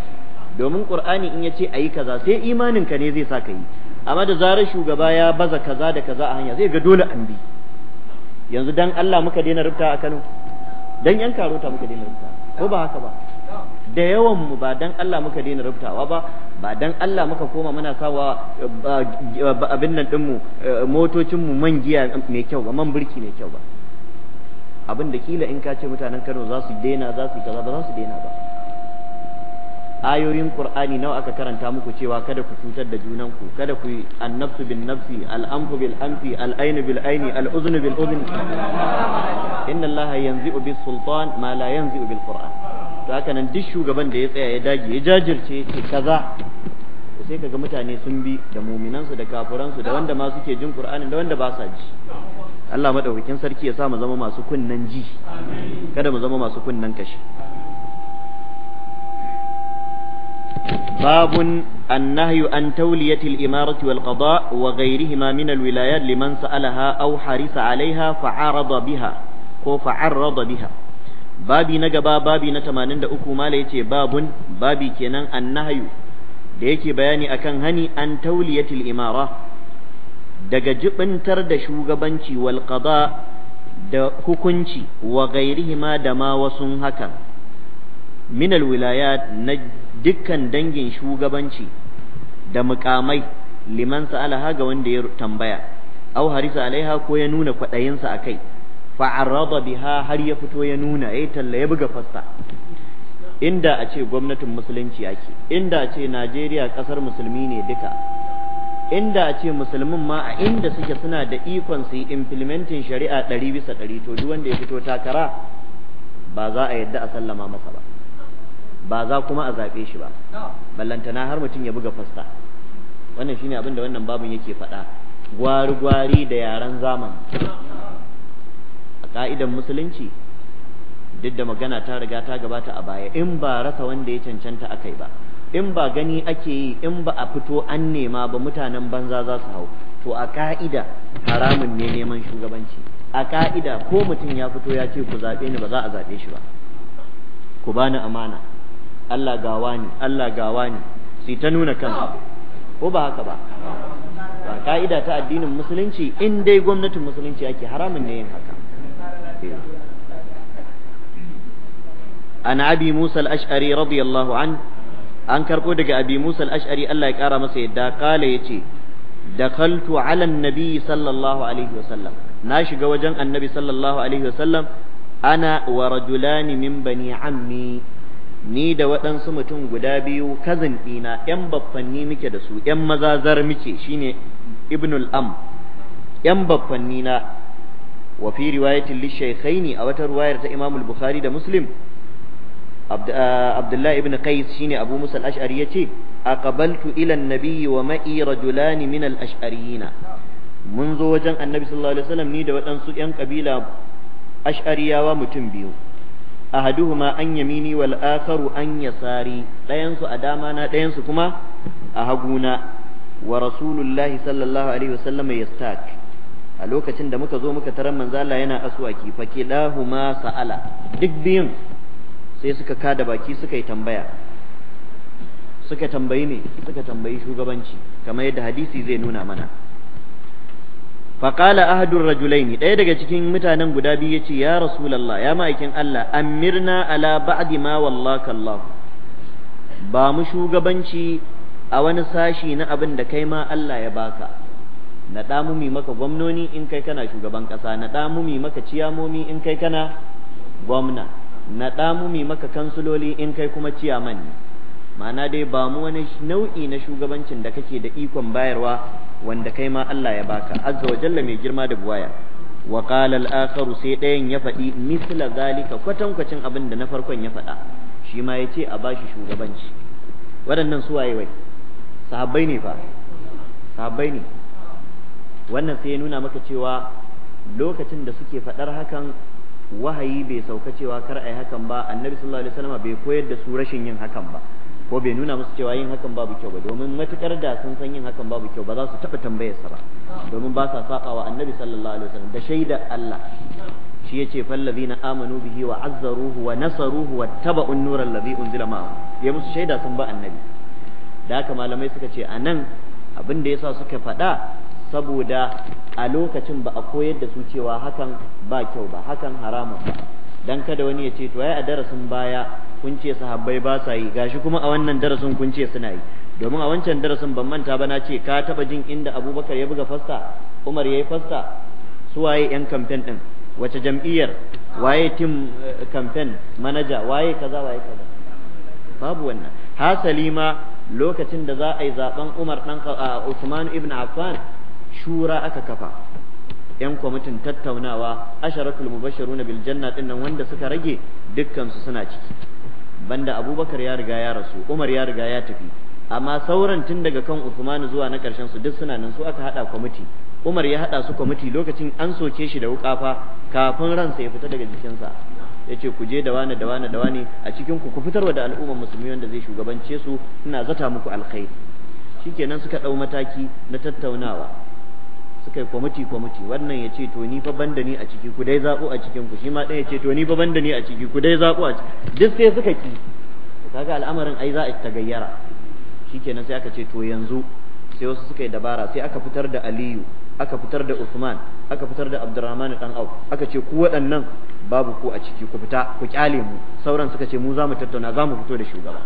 domin qur'ani in yace ayi kaza sai imanin ka ne zai sa ka yi amma da zarar shugaba ya baza kaza da kaza a hanya zai ga dole an bi yanzu dan Allah muka daina rubuta a Kano dan yan karota muka daina rubuta ko ba haka ba da yawan mu ba dan Allah muka daina rubutawa ba ba dan Allah muka koma muna sawa eh, abin nan din eh, motocin mu man giya mai kyau ba man birki mai kyau ba abin da kila in ka ce mutanen Kano za su daina za su kaza ba za su daina ba ayoyin qur'ani nawa aka karanta muku cewa kada ku cutar da junanku kada ku yi annafsu bin nafsi al'amfu bil amfi al'ainu bil aini al'uznu bil uzni inna allaha yanzi'u bis sultan ma la yanzi'u bil qur'an to haka nan duk shugaban da ya tsaya ya dage ya jajirce ce kaza to sai kaga mutane sun bi da muminansu da kafuransu da wanda ma suke jin qur'anin da wanda ba sa ji Allah madaukakin sarki ya sa mu zama masu kunnan ji kada mu zama masu kunnan kashi باب النهي عن تولية الإمارة والقضاء وغيرهما من الولايات لمن سألها أو حرص عليها فعرض بها أو فعرض بها babi na gaba babi na 83 mala yace babun babi kenan annahyu da yake bayani akan hani an tauliyatil imara daga jibintar da shugabanci wal qada da hukunci wa ghairihima da ma wasu hakan minal al wilayat na dukkan dangin shugabanci da mukamai liman sa'alaha ga wanda ya tambaya au harisa alaiha ko ya nuna kwadayinsa akai fa’arraba biha har ya fito ya nuna ya talla ya buga fasta inda a ce gwamnatin musulunci ake inda a ce najeriya kasar musulmi ne duka inda a ce musulmin ma a inda suke suna da ikon su yi implementin shari'a ɗari bisa ɗari to duk wanda ya fito takara ba za a yadda a sallama masa ba ba za kuma a zaɓe shi ba ballantana har mutum ya buga fasta wannan shine abin da wannan babin yake faɗa gwari-gwari da yaren zamani ka'idan musulunci duk da magana ta riga ta gabata a baya in ba rasa wanda ya cancanta akai ba in ba gani ake yi in ba a fito an nema ba mutanen banza za su hau to a ka'ida haramun ne neman shugabanci a ka'ida ko mutum ya fito ya ce ku zaɓe ni ba za a zaɓe shi ba ku bani amana Allah gawa ni. Allah gawa ni. sai ta nuna kansa ko ba haka ba ba ka'ida ta addinin musulunci in dai gwamnatin musulunci ake haramun ne yin haka an abi musa al-ash'ari radiyallahu an an karko daga abi musa al-ash'ari Allah ya kara masa yadda kala yace dakaltu ala annabi sallallahu alaihi wasallam na shiga wajen annabi sallallahu alaihi wasallam ana wa rajulani min bani ammi ni da waɗansu mutum guda biyu kazin ɗina ‘yan baffanni muke da su ‘yan mazazar muke shine ibnul am ‘yan baffanni na wa fi riwayatin lishaykhaini a wata ruwayar ta Imam al-Bukhari da Muslim ah, Abdullah ibn Qais shine Abu Musa al-Ash'ari yace aqbaltu ila an-nabiy wa ma'i rajulan min al-ash'ariyin mun zo wajen Annabi ni da waɗansu ƴan kabila ash'ariyawa mutum biyu ahaduhuma an yamini wal akharu an yasari ɗayan su a dama na ɗayansu kuma a haguna wa rasulullahi sallallahu alaihi wasallam yastak a lokacin da muka zo muka tarar manzo yana aswaki fa ma sa'ala duk biyun sai suka kada baki suka yi tambaya suka tambayi ne suka tambayi shugabanci kamar yadda hadisi zai nuna mana faƙala ahadun rajulaini ɗaya daga cikin mutanen guda biyu ya ce ya rasulallah ya ma'aikin Allah amirna ala ba'di ma wallaka Allah ba mu shugabanci a wani sashi na abin da kai ma Allah ya baka na mumi maka gwamnoni in kai kana shugaban ƙasa na mumi maka ciyamomi in kai kana gwamna na mumi maka kansuloli in kai kuma ciyaman ne ma'ana dai ba mu wani nau'i na shugabancin da kake da ikon bayarwa wanda kai ma Allah ya baka azza wa jalla mai girma da buwaya wa qala al-akharu sai ɗayan ya faɗi misla zalika kwatankwacin abin da na farkon ya faɗa shi ma yace a bashi shugabanci waɗannan su waye wai sahabbai ne fa sahabbai ne wannan sai ya nuna maka cewa lokacin da suke faɗar hakan wahayi bai sauka cewa kar a yi hakan ba annabi sallallahu alaihi wasallam bai koyar da su rashin yin hakan ba ko bai nuna musu cewa yin hakan babu kyau ba domin matukar da sun san yin hakan babu kyau ba za su taɓa tambayarsa ba domin ba sa saba wa annabi sallallahu alaihi wasallam da shaidar Allah shi yace fallazina amanu bihi wa azzaruhu wa nasaruhu wa taba'u an-nur allazi unzila ma'ahu ya musu shaida sun ba annabi da haka malamai suka ce anan abin da yasa suka faɗa saboda a lokacin ba a koyar da su cewa hakan ba kyau ba hakan haramun ba dan kada wani ya ce to ai a darasin baya kun ce sahabbai ba sa yi gashi kuma a wannan darasin kun ce suna yi domin a wancan darasin ban manta ba na ce ka taba jin inda Abubakar ya buga fasta Umar ya yi fasta su waye yan kamfen din wace jam'iyyar waye tim eh, kamfen manaja waye kaza waye kaza babu wannan hasali ma lokacin da za a yi zaben Umar dan ah, Usman ibn Affan shura aka kafa yan kwamitin tattaunawa asharatul mubashiruna bil janna din nan wanda suka rage dukkan su suna ciki banda abubakar ya riga ya rasu umar ya riga ya tafi amma sauran tun daga kan usman zuwa na ƙarshen su duk suna nan su aka haɗa kwamiti umar ya haɗa su kwamiti lokacin an soke shi da wukafa kafin ransa ya fita daga jikinsa yace ku je da wani da a cikin ku ku fitarwa da al'ummar musulmi wanda zai shugabance su ina zata muku alkhairi shikenan suka dau mataki na tattaunawa suka yi kwamiti kwamiti wannan ya ce to ni fa banda ni a ciki ku dai zaɓo a cikin ku shi ma ɗaya ya ce to ni fa banda ni a ciki ku dai zaɓo a ciki duk sai suka ki kaga al'amarin ai za a ta gayyara shikenan sai aka ce to yanzu sai wasu suka yi dabara sai aka fitar da Aliyu aka fitar da Uthman aka fitar da Abdurrahman dan Auf aka ce ku waɗannan babu ku a ciki ku fita ku kyale mu sauran suka ce mu za mu tattauna za mu fito da shugaba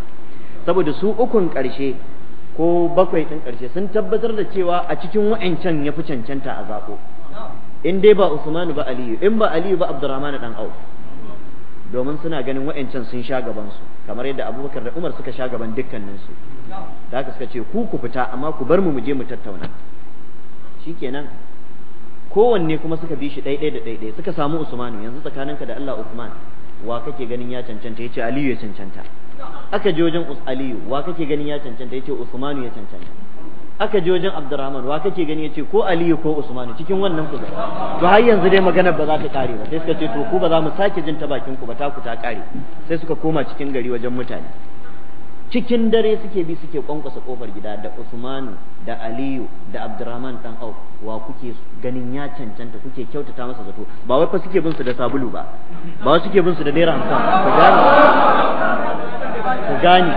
saboda su ukun ƙarshe ko bakwai ɗin ƙarshe sun tabbatar da cewa a cikin wa'ancan ya fi cancanta a zaɓo in dai ba usmanu ba aliyu in ba aliyu ba abdurrahman ɗan auf domin suna ganin wa'ancan sun sha gabansu, kamar yadda abubakar da umar suka sha gaban dukkaninsu. su da haka suka ce ku ku fita amma ku bar mu mu je mu tattauna Shi shikenan kowanne kuma suka bi shi ɗaiɗai da ɗaiɗai suka samu usmanu yanzu tsakaninka da allah usman wa kake ganin ya cancanta ya ce aliyu ya cancanta aka je wajen aliyu wa kake ganin ya cancanta yace usmanu ya cancanta aka je wajen abdurrahman wa kake gani yace ko aliyu ko usmanu cikin wannan ku to har yanzu dai maganar ba za ta kare ba sai suka ce to ku ba za mu sake jin ta bakin ku ba ta ku ta kare sai suka koma cikin gari wajen mutane cikin dare suke bi suke kwankwasa kofar gida da Usmanu da Aliyu da Abdurrahman dan Auf wa kuke ganin ya cancanta kuke kyautata masa zato ba wai fa suke bin su da sabulu ba ba wai suke bin su da naira hamsin ku gane ku gane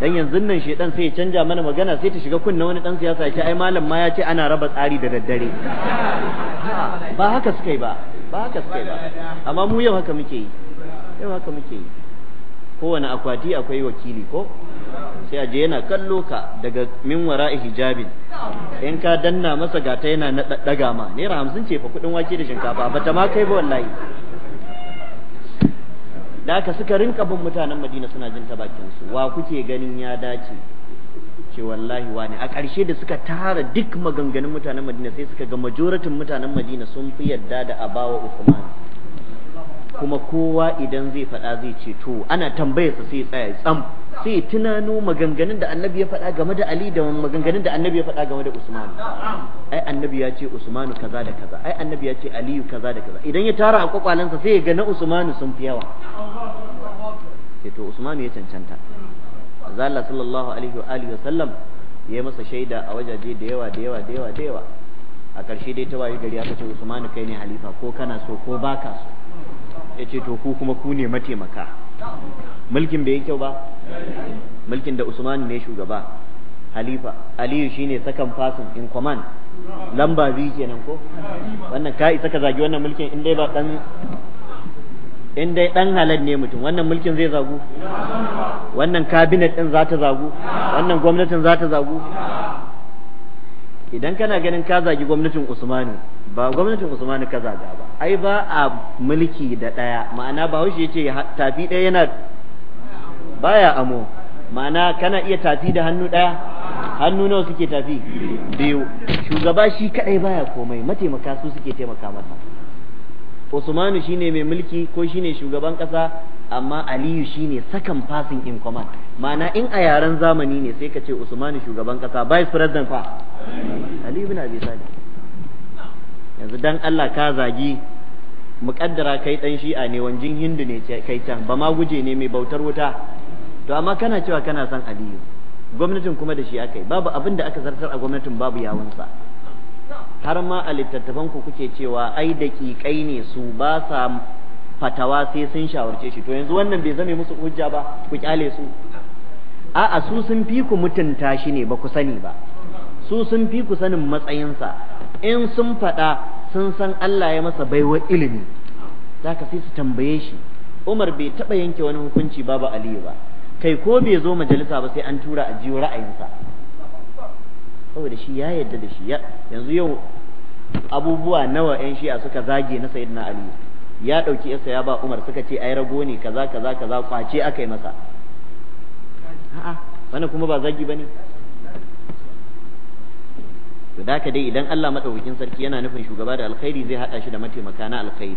dan yanzu nan shedan sai ya canja mana magana sai ta shiga kunna wani dan siyasa ya ce ai malam ma ya ce ana raba tsari da daddare ba haka suka yi ba ba haka suka yi ba amma mu yau haka muke yi yau haka muke yi kowane akwati akwai wakili ko sai a yana kallo ka daga min wara'i hijabin in ka danna masa gata yana na daddaga ma naira hamsin ce fa kudin wake da shinkafa bata ma kai ba wallahi da aka suka rinka bin mutanen madina suna jin ta bakin wa kuke ganin ya dace ce wallahi wani a ƙarshe da suka tara duk maganganun mutanen madina sai suka ga majoratin mutanen madina sun fi yadda da abawa usman kuma kowa idan zai faɗa zai ce to ana tambayarsa sai tsaya tsam sai tunano maganganun da annabi ya faɗa game da Ali da maganganun da annabi ya faɗa game da Usman ai annabi ya ce Usman kaza da kaza ai annabi ya ce Ali kaza da kaza idan ya tara a kwakwalansa sai ya ga na Usman sun fi yawa sai to Usman ya cancanta zalla sallallahu alaihi wa alihi wa sallam ya masa shaida a wajaje da yawa da yawa da yawa da yawa a ƙarshe dai ta wayi gari aka ce Usman kai ne halifa ko kana so ko baka so ya ce to ku kuma ku ne mataimaka mulkin bai yi kyau ba mulkin da usman ne shugaba halifa aliyu shine sakan fasin in kwaman lamba biyu kenan ko wannan ka isa ka zagi wannan mulkin in dai ba dan in dai dan halal ne mutum wannan mulkin zai zagu wannan kabinet din za ta zagu wannan gwamnatin za ta zagu idan kana ganin ka zagi gwamnatin usmanu ba gwamnatin usmani kaza ga ba ai ba a mulki da ɗaya ma'ana ba ya ce tafi ɗaya yana baya amo ma'ana kana iya tafi da hannu ɗaya hannu nawa suke tafi biyu shugaba shi kaɗai baya komai mataimaka su suke taimaka masa usmanu shine mai mulki ko shine shugaban kasa amma aliyu shine sakan fasin in command ma'ana in a yaren zamani ne sai ka ce usmanu shugaban ƙasa vice president fa aliyu bin abi salih yanzu dan Allah ka zagi muƙaddara kai ɗan shi'a ne wanjin hindu ne kai can ba ma guje ne mai bautar wuta to amma kana cewa kana son aliyu gwamnatin kuma da shi akai babu abin da aka zartar a gwamnatin babu yawansa. har ma a littattafan ku kuke cewa ai daƙiƙai ne su ba sa fatawa sai sun shawarce shi to yanzu wannan bai zame musu hujja ba ku kyale su a'a su sun fi ku mutunta shi ne ba ku sani ba su sun fi ku sanin matsayinsa in sun faɗa sun san Allah ya masa baiwa ilimi zaka sai su tambaye shi Umar bai taɓa yanke wani hukunci babu Aliyu ba kai ko bai zo majalisa ba sai an tura a jiyo ra'ayinsa saboda shi ya yadda da shi yanzu yau abubuwa nawa yan shi'a suka zage na sayyidina Aliyu ya ɗauki yasa ya ba Umar suka ce ai rago ne kaza kaza kaza kwace aka yi masa a'a wannan kuma ba zagi bane to da dai idan Allah madaukakin sarki yana nufin shugaba da alkhairi zai hada shi da mataimaka na alkhairi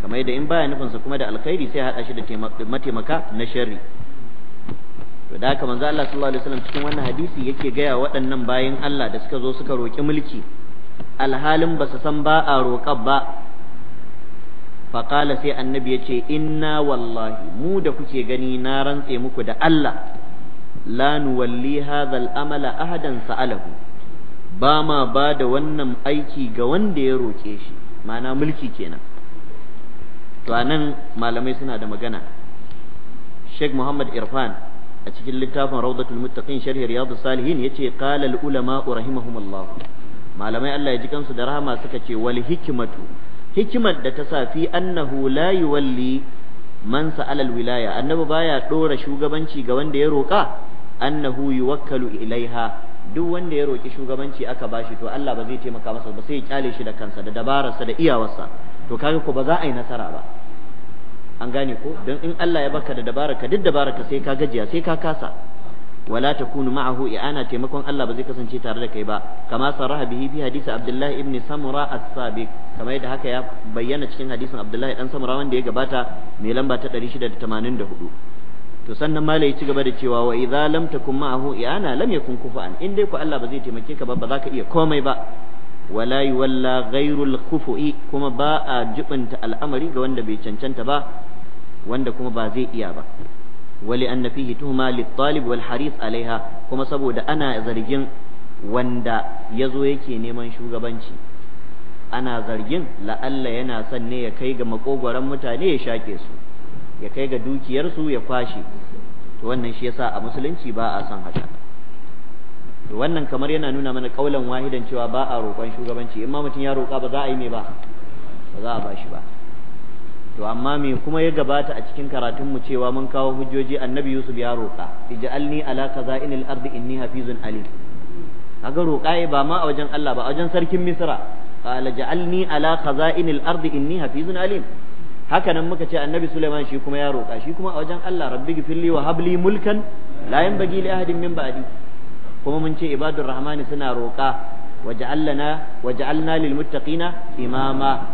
kamar yadda in baya nufin sa kuma da alkhairi sai hada shi da mataimaka na sharri to da haka manzo Allah sallallahu alaihi wasallam cikin wannan hadisi yake gaya waɗannan bayin Allah da suka zo suka roki mulki alhalin ba su san ba a roƙar ba faƙala sai annabi ya ce inna wallahi mu da kuke gani na rantse muku da Allah la nuwalli hadha al-amala ahadan sa'alahu ba ma ba da wannan aiki ga wanda ya roƙe shi ma'ana mulki kenan to anan malamai suna da magana Sheikh Muhammad Irfan a cikin littafin Rawdatul Muttaqin sharhi Riyadus Salihin yace qala al ulama rahimahumullah malamai Allah ya ji kansu da rahama suka ce wal hikmatu hikimar da ta sa fi annahu la yuwalli man sa'ala al wilaya annabi baya dora shugabanci ga wanda ya roka annahu yuwakkalu ilaiha duk wanda ya roki shugabanci aka bashi to Allah ba zai taimaka masa ba sai ya kyale shi da kansa da dabararsa da iyawarsa to kaga ko ba za a yi nasara ba an gane ko don in Allah ya baka da dabararka duk dabararka sai ka gajiya sai ka kasa wala takunu ma'ahu i'ana taimakon Allah ba zai kasance tare da kai ba kama saraha bihi fi hadisi Abdullahi ibn Samura as-Sabiq kamar yadda haka ya bayyana cikin hadisin Abdullahi dan Samura wanda ya gabata mai lamba ta 684 to sannan mala ya ci gaba da cewa wa idza lam takum ma'ahu i'ana lam yakun kufuan in dai ku Allah ba zai taimake ka ba ba za ka iya komai ba wala yuwalla ghairul kufu'i kuma ba a jibinta al'amari ga wanda bai cancanta ba wanda kuma ba zai iya ba wali anna fihi tuhma lit-talib wal haris alaiha kuma saboda ana zargin wanda yazo yake neman shugabanci ana zargin la'alla yana son ne ya kai ga makogwaran mutane ya shake su ya kai ga dukiyarsu ya kwashe to wannan shi yasa a musulunci ba a son haka to wannan kamar yana nuna mana kaulan wahidan cewa ba a roƙon shugabanci in ma mutum ya roƙa ba za a yi mai ba ba za a ba shi ba to amma me kuma ya gabata a cikin karatun mu cewa mun kawo hujjoji annabi yusuf ya roƙa ij'alni ala kaza'inil ardi inni hafizun alim kaga roƙa ba ma a wajen Allah ba a wajen sarkin misra qala ja'alni ala khaza'inil ardi inni hafizun alim haka nan muka ce annabi Sulaiman shi kuma ya roƙa shi kuma a wajen Allah rabbi gifilli wa habli mulkan la yanbaghi li ahadin min ba'di kuma mun ce ibadur rahmani suna roƙa waja'alna waja'alna lil muttaqina imama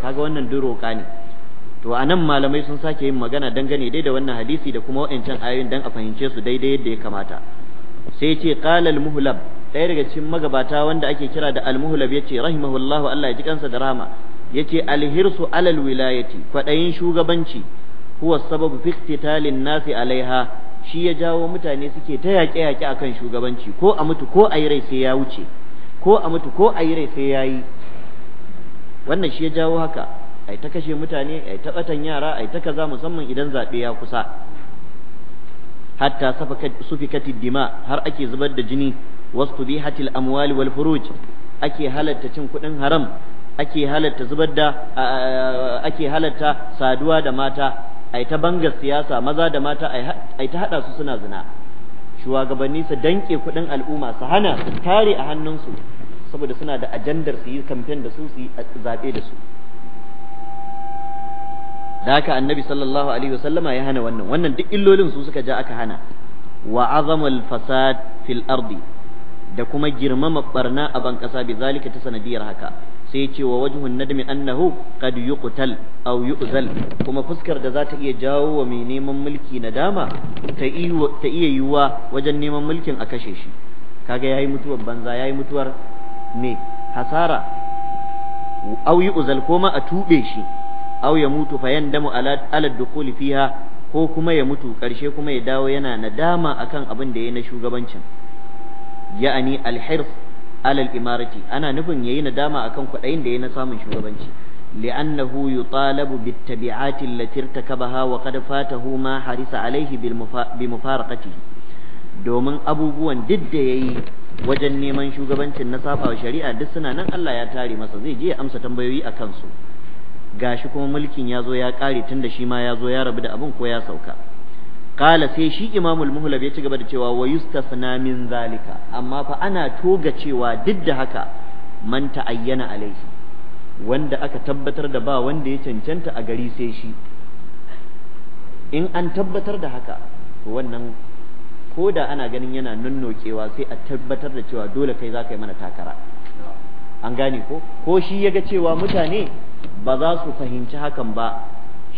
kaga wannan duk roƙa ne to anan malamai sun sake yin magana dangane dai da wannan hadisi da kuma wa'ancan ayoyin dan a fahimce su daidai yadda ya kamata sai ce qala al-muhlab ɗaya daga cikin magabata wanda ake kira da al-muhlab yace rahimahullahu Allah ya ji kansa da rahama yace alhirsu alal wilayati kwadayin shugabanci huwa sababu fi iqtitalin nasi alaiha shi ya jawo mutane suke ta yaƙe yaƙe akan shugabanci ko a mutu ko a yi rai sai ya wuce ko a mutu ko a yi rai sai ya yi wannan shi ya jawo haka ai ta kashe mutane ai ta batan yara ai ta kaza musamman idan zaɓe ya kusa hatta sufikati dima har ake zubar da jini wasu bihatil amwali wal furuj ake halatta cin kuɗin haram ake halatta zubar da ake halatta saduwa da mata ai ta bangar siyasa maza da mata ai ta hada su suna zina shugabanni su danke kudin al'umma su hana su tare a hannunsu saboda suna da ajandar su yi kamfen da su su yi zaɓe da su da haka annabi sallallahu alaihi wasallama ya hana wannan wannan duk illolin su suka ja aka hana wa azamul fasad fil ardi da kuma girmama barna a ban kasa bi zalika ta sanadiyar haka sai ce wa wajhun nadmi annahu qad yuqtal aw yu'zal kuma fuskar da za ta iya jawo wa mai neman mulki nadama ta iya yiwuwa wajen neman mulkin a kashe shi kaga yayi mutuwar banza yayi mutuwar me hasara aw yu'zal koma a tube shi aw ya mutu fa yandamu ala ala dukhuli fiha ko kuma ya mutu karshe kuma ya dawo yana nadama akan abin da yayi na shugabancin ya'ani al-hirs alal imarati ana nufin yayi nadama akan kwaɗayin da yayi na samun shugabanci لأنه يطالب بالتبعات التي ارتكبها وقد فاته ما حرص عليه بمفارقته domin abubuwan duk da ya yi wajen neman shugabancin na safawa shari'a duk suna nan Allah ya tare masa zai je ya amsa tambayoyi a kansu gashi kuma mulkin ya zo ya kare tunda da shi ma ya zo ya rabu da abin ko ya sauka kala sai shi imamul muhlab ya ci gaba da cewa wa yustasna min zalika amma fa ana toga cewa duk da haka man ta'ayyana alaihi wanda aka tabbatar da ba wanda ya cancanta a gari sai shi in an tabbatar da haka to wannan ko da ana ganin yana nunnokewa sai a tabbatar da cewa dole kai za ka yi mana takara an gane ko ko shi ya ga cewa mutane ba za su fahimci hakan ba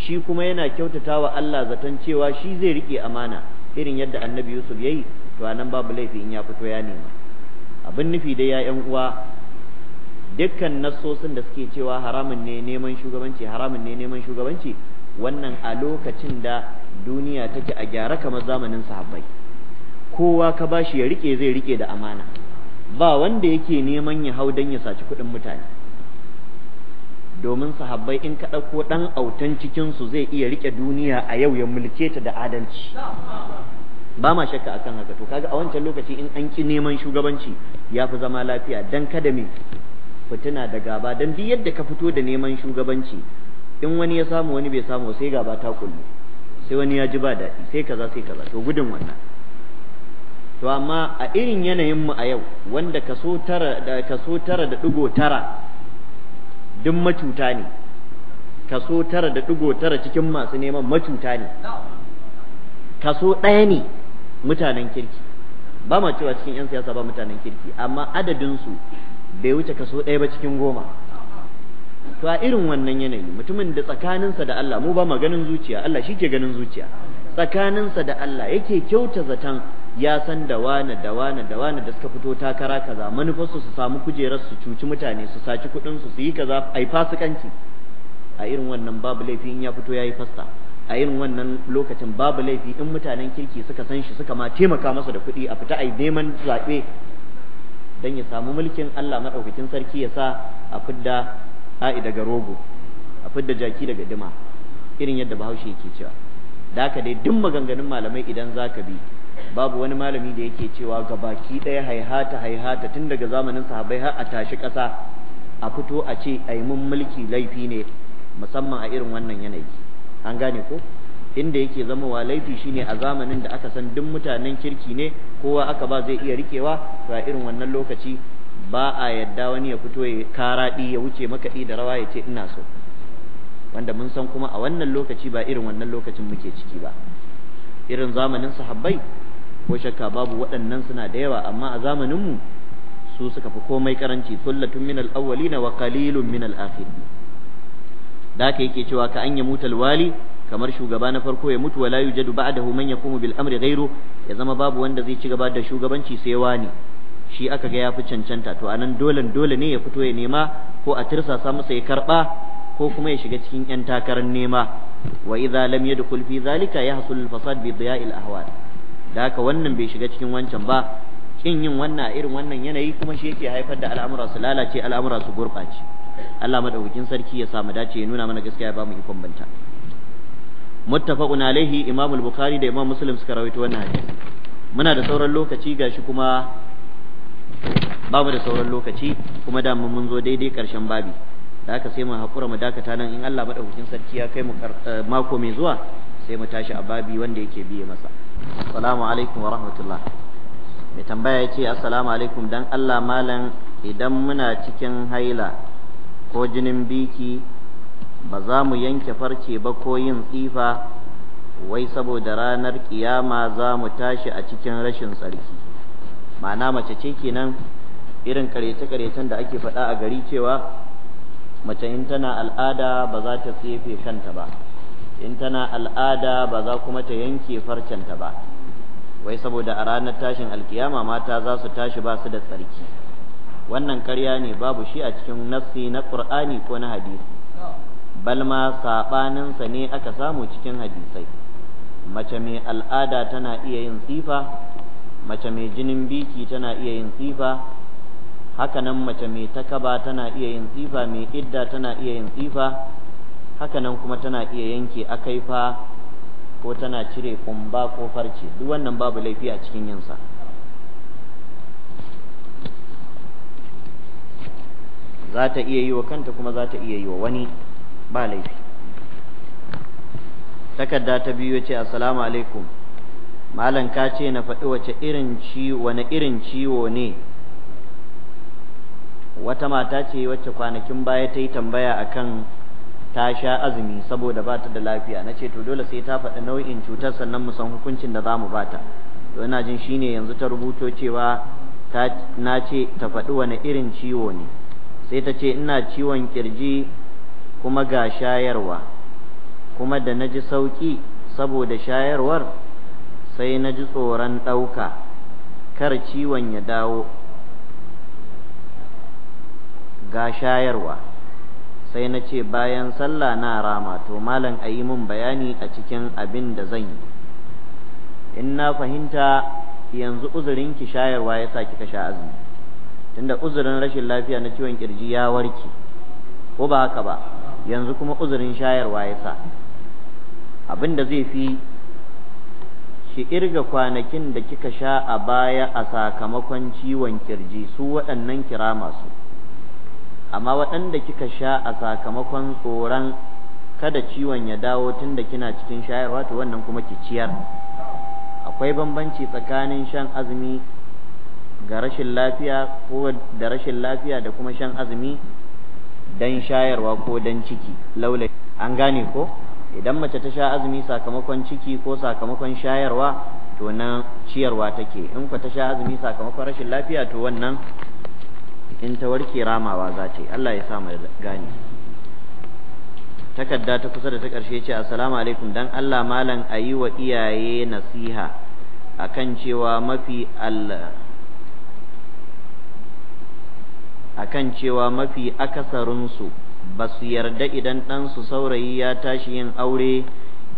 shi kuma yana kyautata wa Allah zaton cewa shi zai rike amana irin yadda annabi Yusuf yayi to anan babu laifi in ya fito ya nema abin nufi da 'ya'yan uwa dukkan nassosin da suke cewa haramun ne neman shugabanci haramun ne neman shugabanci wannan a lokacin da duniya take a gyara kamar zamanin sahabbai kowa ka bashi ya rike zai rike da amana ba wanda yake neman ya hau dan ya saci kuɗin mutane domin sahabbai in ka ɗauko ɗan autan cikinsu zai iya rike duniya a yau ya mulke ta da adalci ba ma shakka akan haka to kaga a wancan lokaci in an ki neman shugabanci ya fi zama lafiya dan kada me fitina da gaba dan duk yadda ka fito da neman shugabanci in wani ya samu wani bai samu sai gaba ta kullu sai wani ya ji ba daɗi sai kaza sai kaza to gudun wannan to amma a irin yanayin mu a yau wanda kaso tara da kaso tara da digo tara duk macuta ne kaso tara da ɗigo tara cikin masu neman macuta ne kaso ɗaya ne mutanen kirki ba ma cewa cikin 'yan siyasa ba mutanen kirki amma adadinsu bai wuce kaso ɗaya ba cikin goma to a irin wannan yanayi mutumin da tsakaninsa da Allah mu ba ma ganin zuciya Allah shi ke ganin zuciya tsakaninsa da Allah yake kyauta zaton ya san da wane da wane da wane da suka fito takara kaza manufarsu su samu kujerar su cuci mutane su saci kuɗin su su yi kaza ai fasikanci a irin wannan babu laifi in ya fito yayi fasta a irin wannan lokacin babu laifi in mutanen kirki suka san shi suka ma taimaka masa da kuɗi a fita ai neman zaɓe dan ya samu mulkin Allah madaukakin sarki ya sa a fidda a'i daga rogo a fidda jaki daga dima irin yadda bahaushe yake cewa da haka dai duk maganganun malamai idan zaka bi babu wani malami da yake cewa ga baki ɗaya haihata haihata tun daga zamanin sahabai har a tashi ƙasa a fito a ce ai mun mulki laifi ne musamman a irin wannan yanayi an gane ko inda yake zama wa laifi shine a zamanin da aka san duk mutanen kirki ne kowa aka ba zai iya rikewa to a irin wannan lokaci ba a yadda wani ya fito ya karaɗi ya wuce makaɗi da rawa ya ce ina so wanda mun san kuma a wannan lokaci ba irin wannan lokacin muke ciki ba irin zamanin sahabbai ko shakka babu waɗannan suna da yawa amma a zamaninmu su suka fi komai karanci sullatun min al na wa qalilun min al-akhirin da haka yake cewa ka an yamuta wali kamar shugaba na farko ya mutu wala yujadu ba'dahu man yakumu bil amri ghairu ya zama babu wanda zai ci gaba da shugabanci sai wani shi aka ga ya fi cancanta to anan dole dole ne ya fito ya nema ko a tirsasa masa ya karba ko kuma ya shiga cikin yan takarar nema wa idza lam yadkhul fi zalika yahsul al fasad bi diya'il ahwal da haka wannan bai shiga cikin wancan ba kin yin wannan a irin wannan yanayi kuma shi yake haifar da al'amura su lalace al'amura su gurɓace Allah madaukakin sarki ya samu dace ya nuna mana gaskiya ya mu ikon banta muttafaqun alaihi Imam al-Bukhari da Imam Muslim suka rawaito wannan hadisi muna da sauran lokaci gashi kuma babu da sauran lokaci kuma da mun zo daidai karshen babi da haka sai mu hakura mu dakata nan in Allah madaukakin sarki ya kai mu eh, mako mai zuwa sai mu tashi a babi wanda yake biye masa assalamu alaikum wa rahmatullah mai tambaya ya ce assalamu alaikum don Allah malam idan muna cikin haila ko jinin biki ba za mu yanke farce ba ko yin tsifa wai saboda ranar kiyama za mu tashi a cikin rashin tsarki ma'ana mace ce kenan irin karyace-karyacen da ake faɗa a gari cewa mace in tana al'ada ba za ta tsefe kanta ba in tana al'ada ba za kuma ta yanke farcenta ba wai saboda a ranar tashin alkiyama mata za su tashi ba su da tsarki wannan karya ne babu shi a cikin nassi na qur'ani ko na hadisi balma saɓaninsa ne aka samu cikin hadisai mace mai al'ada tana iya yin tsifa mace mai jinin biki tana iya yin tsifa hakanan mace mai takaba tana iya yin tsifa mai idda tana iya yin tsifa hakanan kuma tana iya yanke akaifa ko tana cire kumba ko farce duk wannan babu laifi a cikin yinsa za ta iya yi wa kanta kuma za ta iya yi wa wani ba laifi takarda ta biyu ce assalamu alaikum malam ka ce na faɗi wace irin ciwo wani irin ciwo ne wata mata ce wacce kwanakin baya ta yi tambaya akan ta sha azumi saboda ba ta da lafiya na ce to dole sai ta faɗi nau'in cutar sannan mu san hukuncin da za mu bata to ina jin shine yanzu ta rubuto cewa ta na ce ta faɗi wani irin ciwo ne sai ta ce ina ciwon kirji kuma ga shayarwa kuma da na ji sauƙi saboda shayarwar sai na ji tsoron ɗauka kar ciwon ya dawo ga shayarwa sai na ce bayan sallah na rama to malam a yi min bayani a cikin abin da zan yi in na fahimta yanzu uzurin ki shayarwa ya sa kika sha azumi tunda uzurin rashin lafiya na ciwon kirji ya warke ko ba haka ba yanzu kuma uzurin shayarwa ya sa abin da zai fi ki irga kwanakin da kika sha a baya a sakamakon ciwon kirji su waɗannan kira masu amma waɗanda kika sha a sakamakon tsoron kada ciwon ya dawo tun da kina cikin shayarwa to wannan kuma ki ciyar akwai bambanci tsakanin shan azumi ga rashin lafiya ko da rashin lafiya da kuma shan azumi dan shayarwa ko dan ciki laula an gane ko idan mace ta sha azumi sakamakon ciki ko sakamakon shayarwa to nan ciyarwa take in ku ta sha azumi sakamakon rashin lafiya to wannan in ta warke ramawa za ta yi Allah ya sa gani takarda ta kusa da ta ƙarshe ce assalamu alaikum dan Allah malam a yi wa iyaye nasiha akan cewa mafi Allah akan cewa mafi akasarinsu ba su yarda idan ɗansu saurayi ya tashi yin aure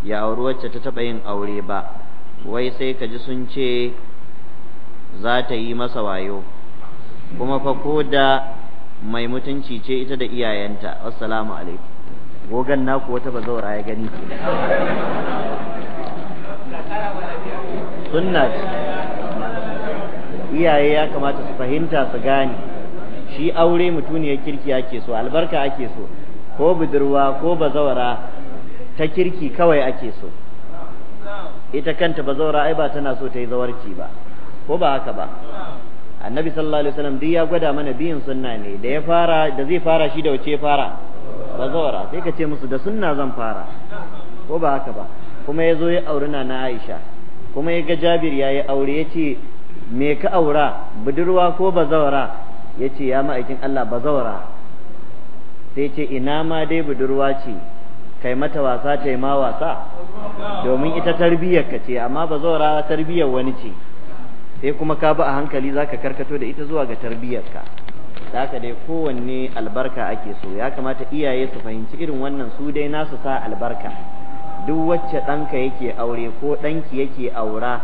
ya auri wacce ta taɓa yin aure ba wai sai kaji sun ce za ta yi masa wayo kuma fa ko da mai mutunci ce ita da iyayenta assalamu alaikum gogan naku wata bazawara ya gani ke sunna iyaye ya kamata su fahimta su gane shi aure mutuniyar kirki ake so albarka ake so ko budurwa ko bazawara ta kirki kawai ake so ita kanta bazawara ai ba tana so ta yi zawarci ba ko ba haka ba annabi sallallahu alaihi wasallam duk ya gwada mana biyin sunna ne da ya fara da zai fara shi da wace ya fara bazawara sai ka ce musu da sunna zan fara ko ba haka ba kuma ya zo ya auri na na Aisha kuma ya ga Jabir ya yi aure ya ce me ka aura budurwa ko bazawara ya ce ya ma'aikin Allah bazawara sai ce ina ma dai budurwa ce kai mata wasa ta ma wasa domin ita tarbiyyar ka ce amma bazawara tarbiyyar wani ce sai kuma ka ba a hankali za ka karkato da ita zuwa ga tarbiyyarka da haka dai kowanne albarka ake so ya kamata iyaye su fahimci irin wannan su dai nasu sa albarka duk wacce ɗanka yake aure ko ɗanki yake aura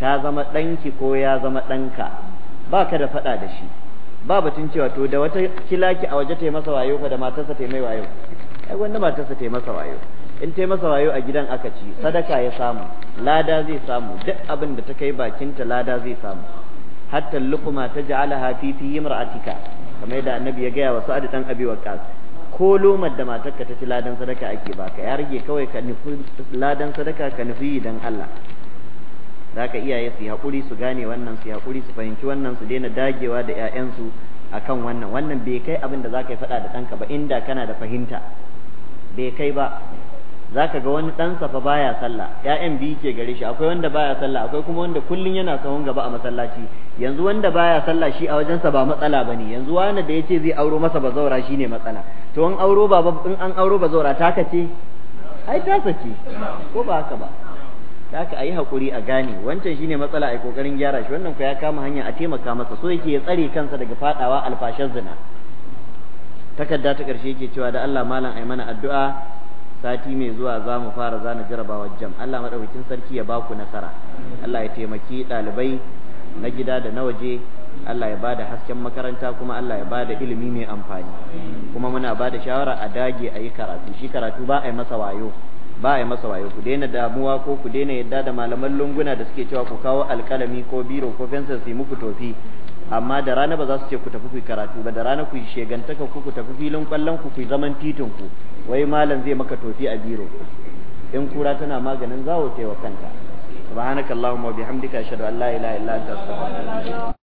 ta zama ɗanki ko ya zama ɗanka ba ka da faɗa da shi ba batun cewa to da wata kilaki a waje ta masa wayo ko da matarsa ta mai wayo ai wanda matarsa ta masa wayo in ta masa wayo a gidan aka ci sadaka ya samu lada zai samu duk abin da ta kai bakinta lada zai samu hatta lukuma ta ja'alaha fi fi imra'atika kamar da annabi ya gaya wa sa'ad dan abi waqas ko lomar da matarka ta ci ladan sadaka ake baka ya rage kawai ka nufi ladan sadaka ka nufi dan Allah za iyaye su haƙuri su gane wannan su haƙuri su fahimci wannan su daina dagewa da 'ya'yansu a kan wannan wannan bai kai abin da za yi fada da danka ba inda kana da fahimta bai kai ba zaka ga wani dan safa baya sallah ƴaƴan biyu ke gare shi akwai wanda baya sallah akwai kuma wanda kullun yana sahun gaba a masallaci yanzu wanda baya sallah shi a wajensa ba matsala bane yanzu wani da yace zai auro masa bazaura shine matsala to an auro ba in an auro zaura ta ce ai ta sace ko ba haka ba haka ayi hakuri a gane wancan shine matsala ai kokarin gyara shi wannan ko ya kama hanya a taimaka masa so yake ya tsare kansa daga fadawa alfashin zina takarda ta karshe yake cewa da Allah malam ai mana addu'a sati mai zuwa za mu fara zana jarabawar jam Allah maɗaukakin sarki ya baku nasara Allah ya taimaki ɗalibai na gida da na waje Allah ya bada hasken makaranta kuma Allah ya bada ilimi mai amfani kuma muna bada shawara a dage a yi karatu shi karatu ba a yi masa wayo ba a yi masa wayo ku daina damuwa ko ku daina yadda da malaman lunguna da suke cewa ku kawo alkalami ko biro ko fensa su yi muku tofi amma da rana ba za su ce ku tafi ku karatu ba da rana ku shegantaka ku ku tafi filin kwallon ku ku zaman titin ku wai malam zai maka tofi a biro in kura tana maganin zawo wa kanta subhanakallahumma wa bihamdika ashhadu an la ilaha illa anta astaghfiruka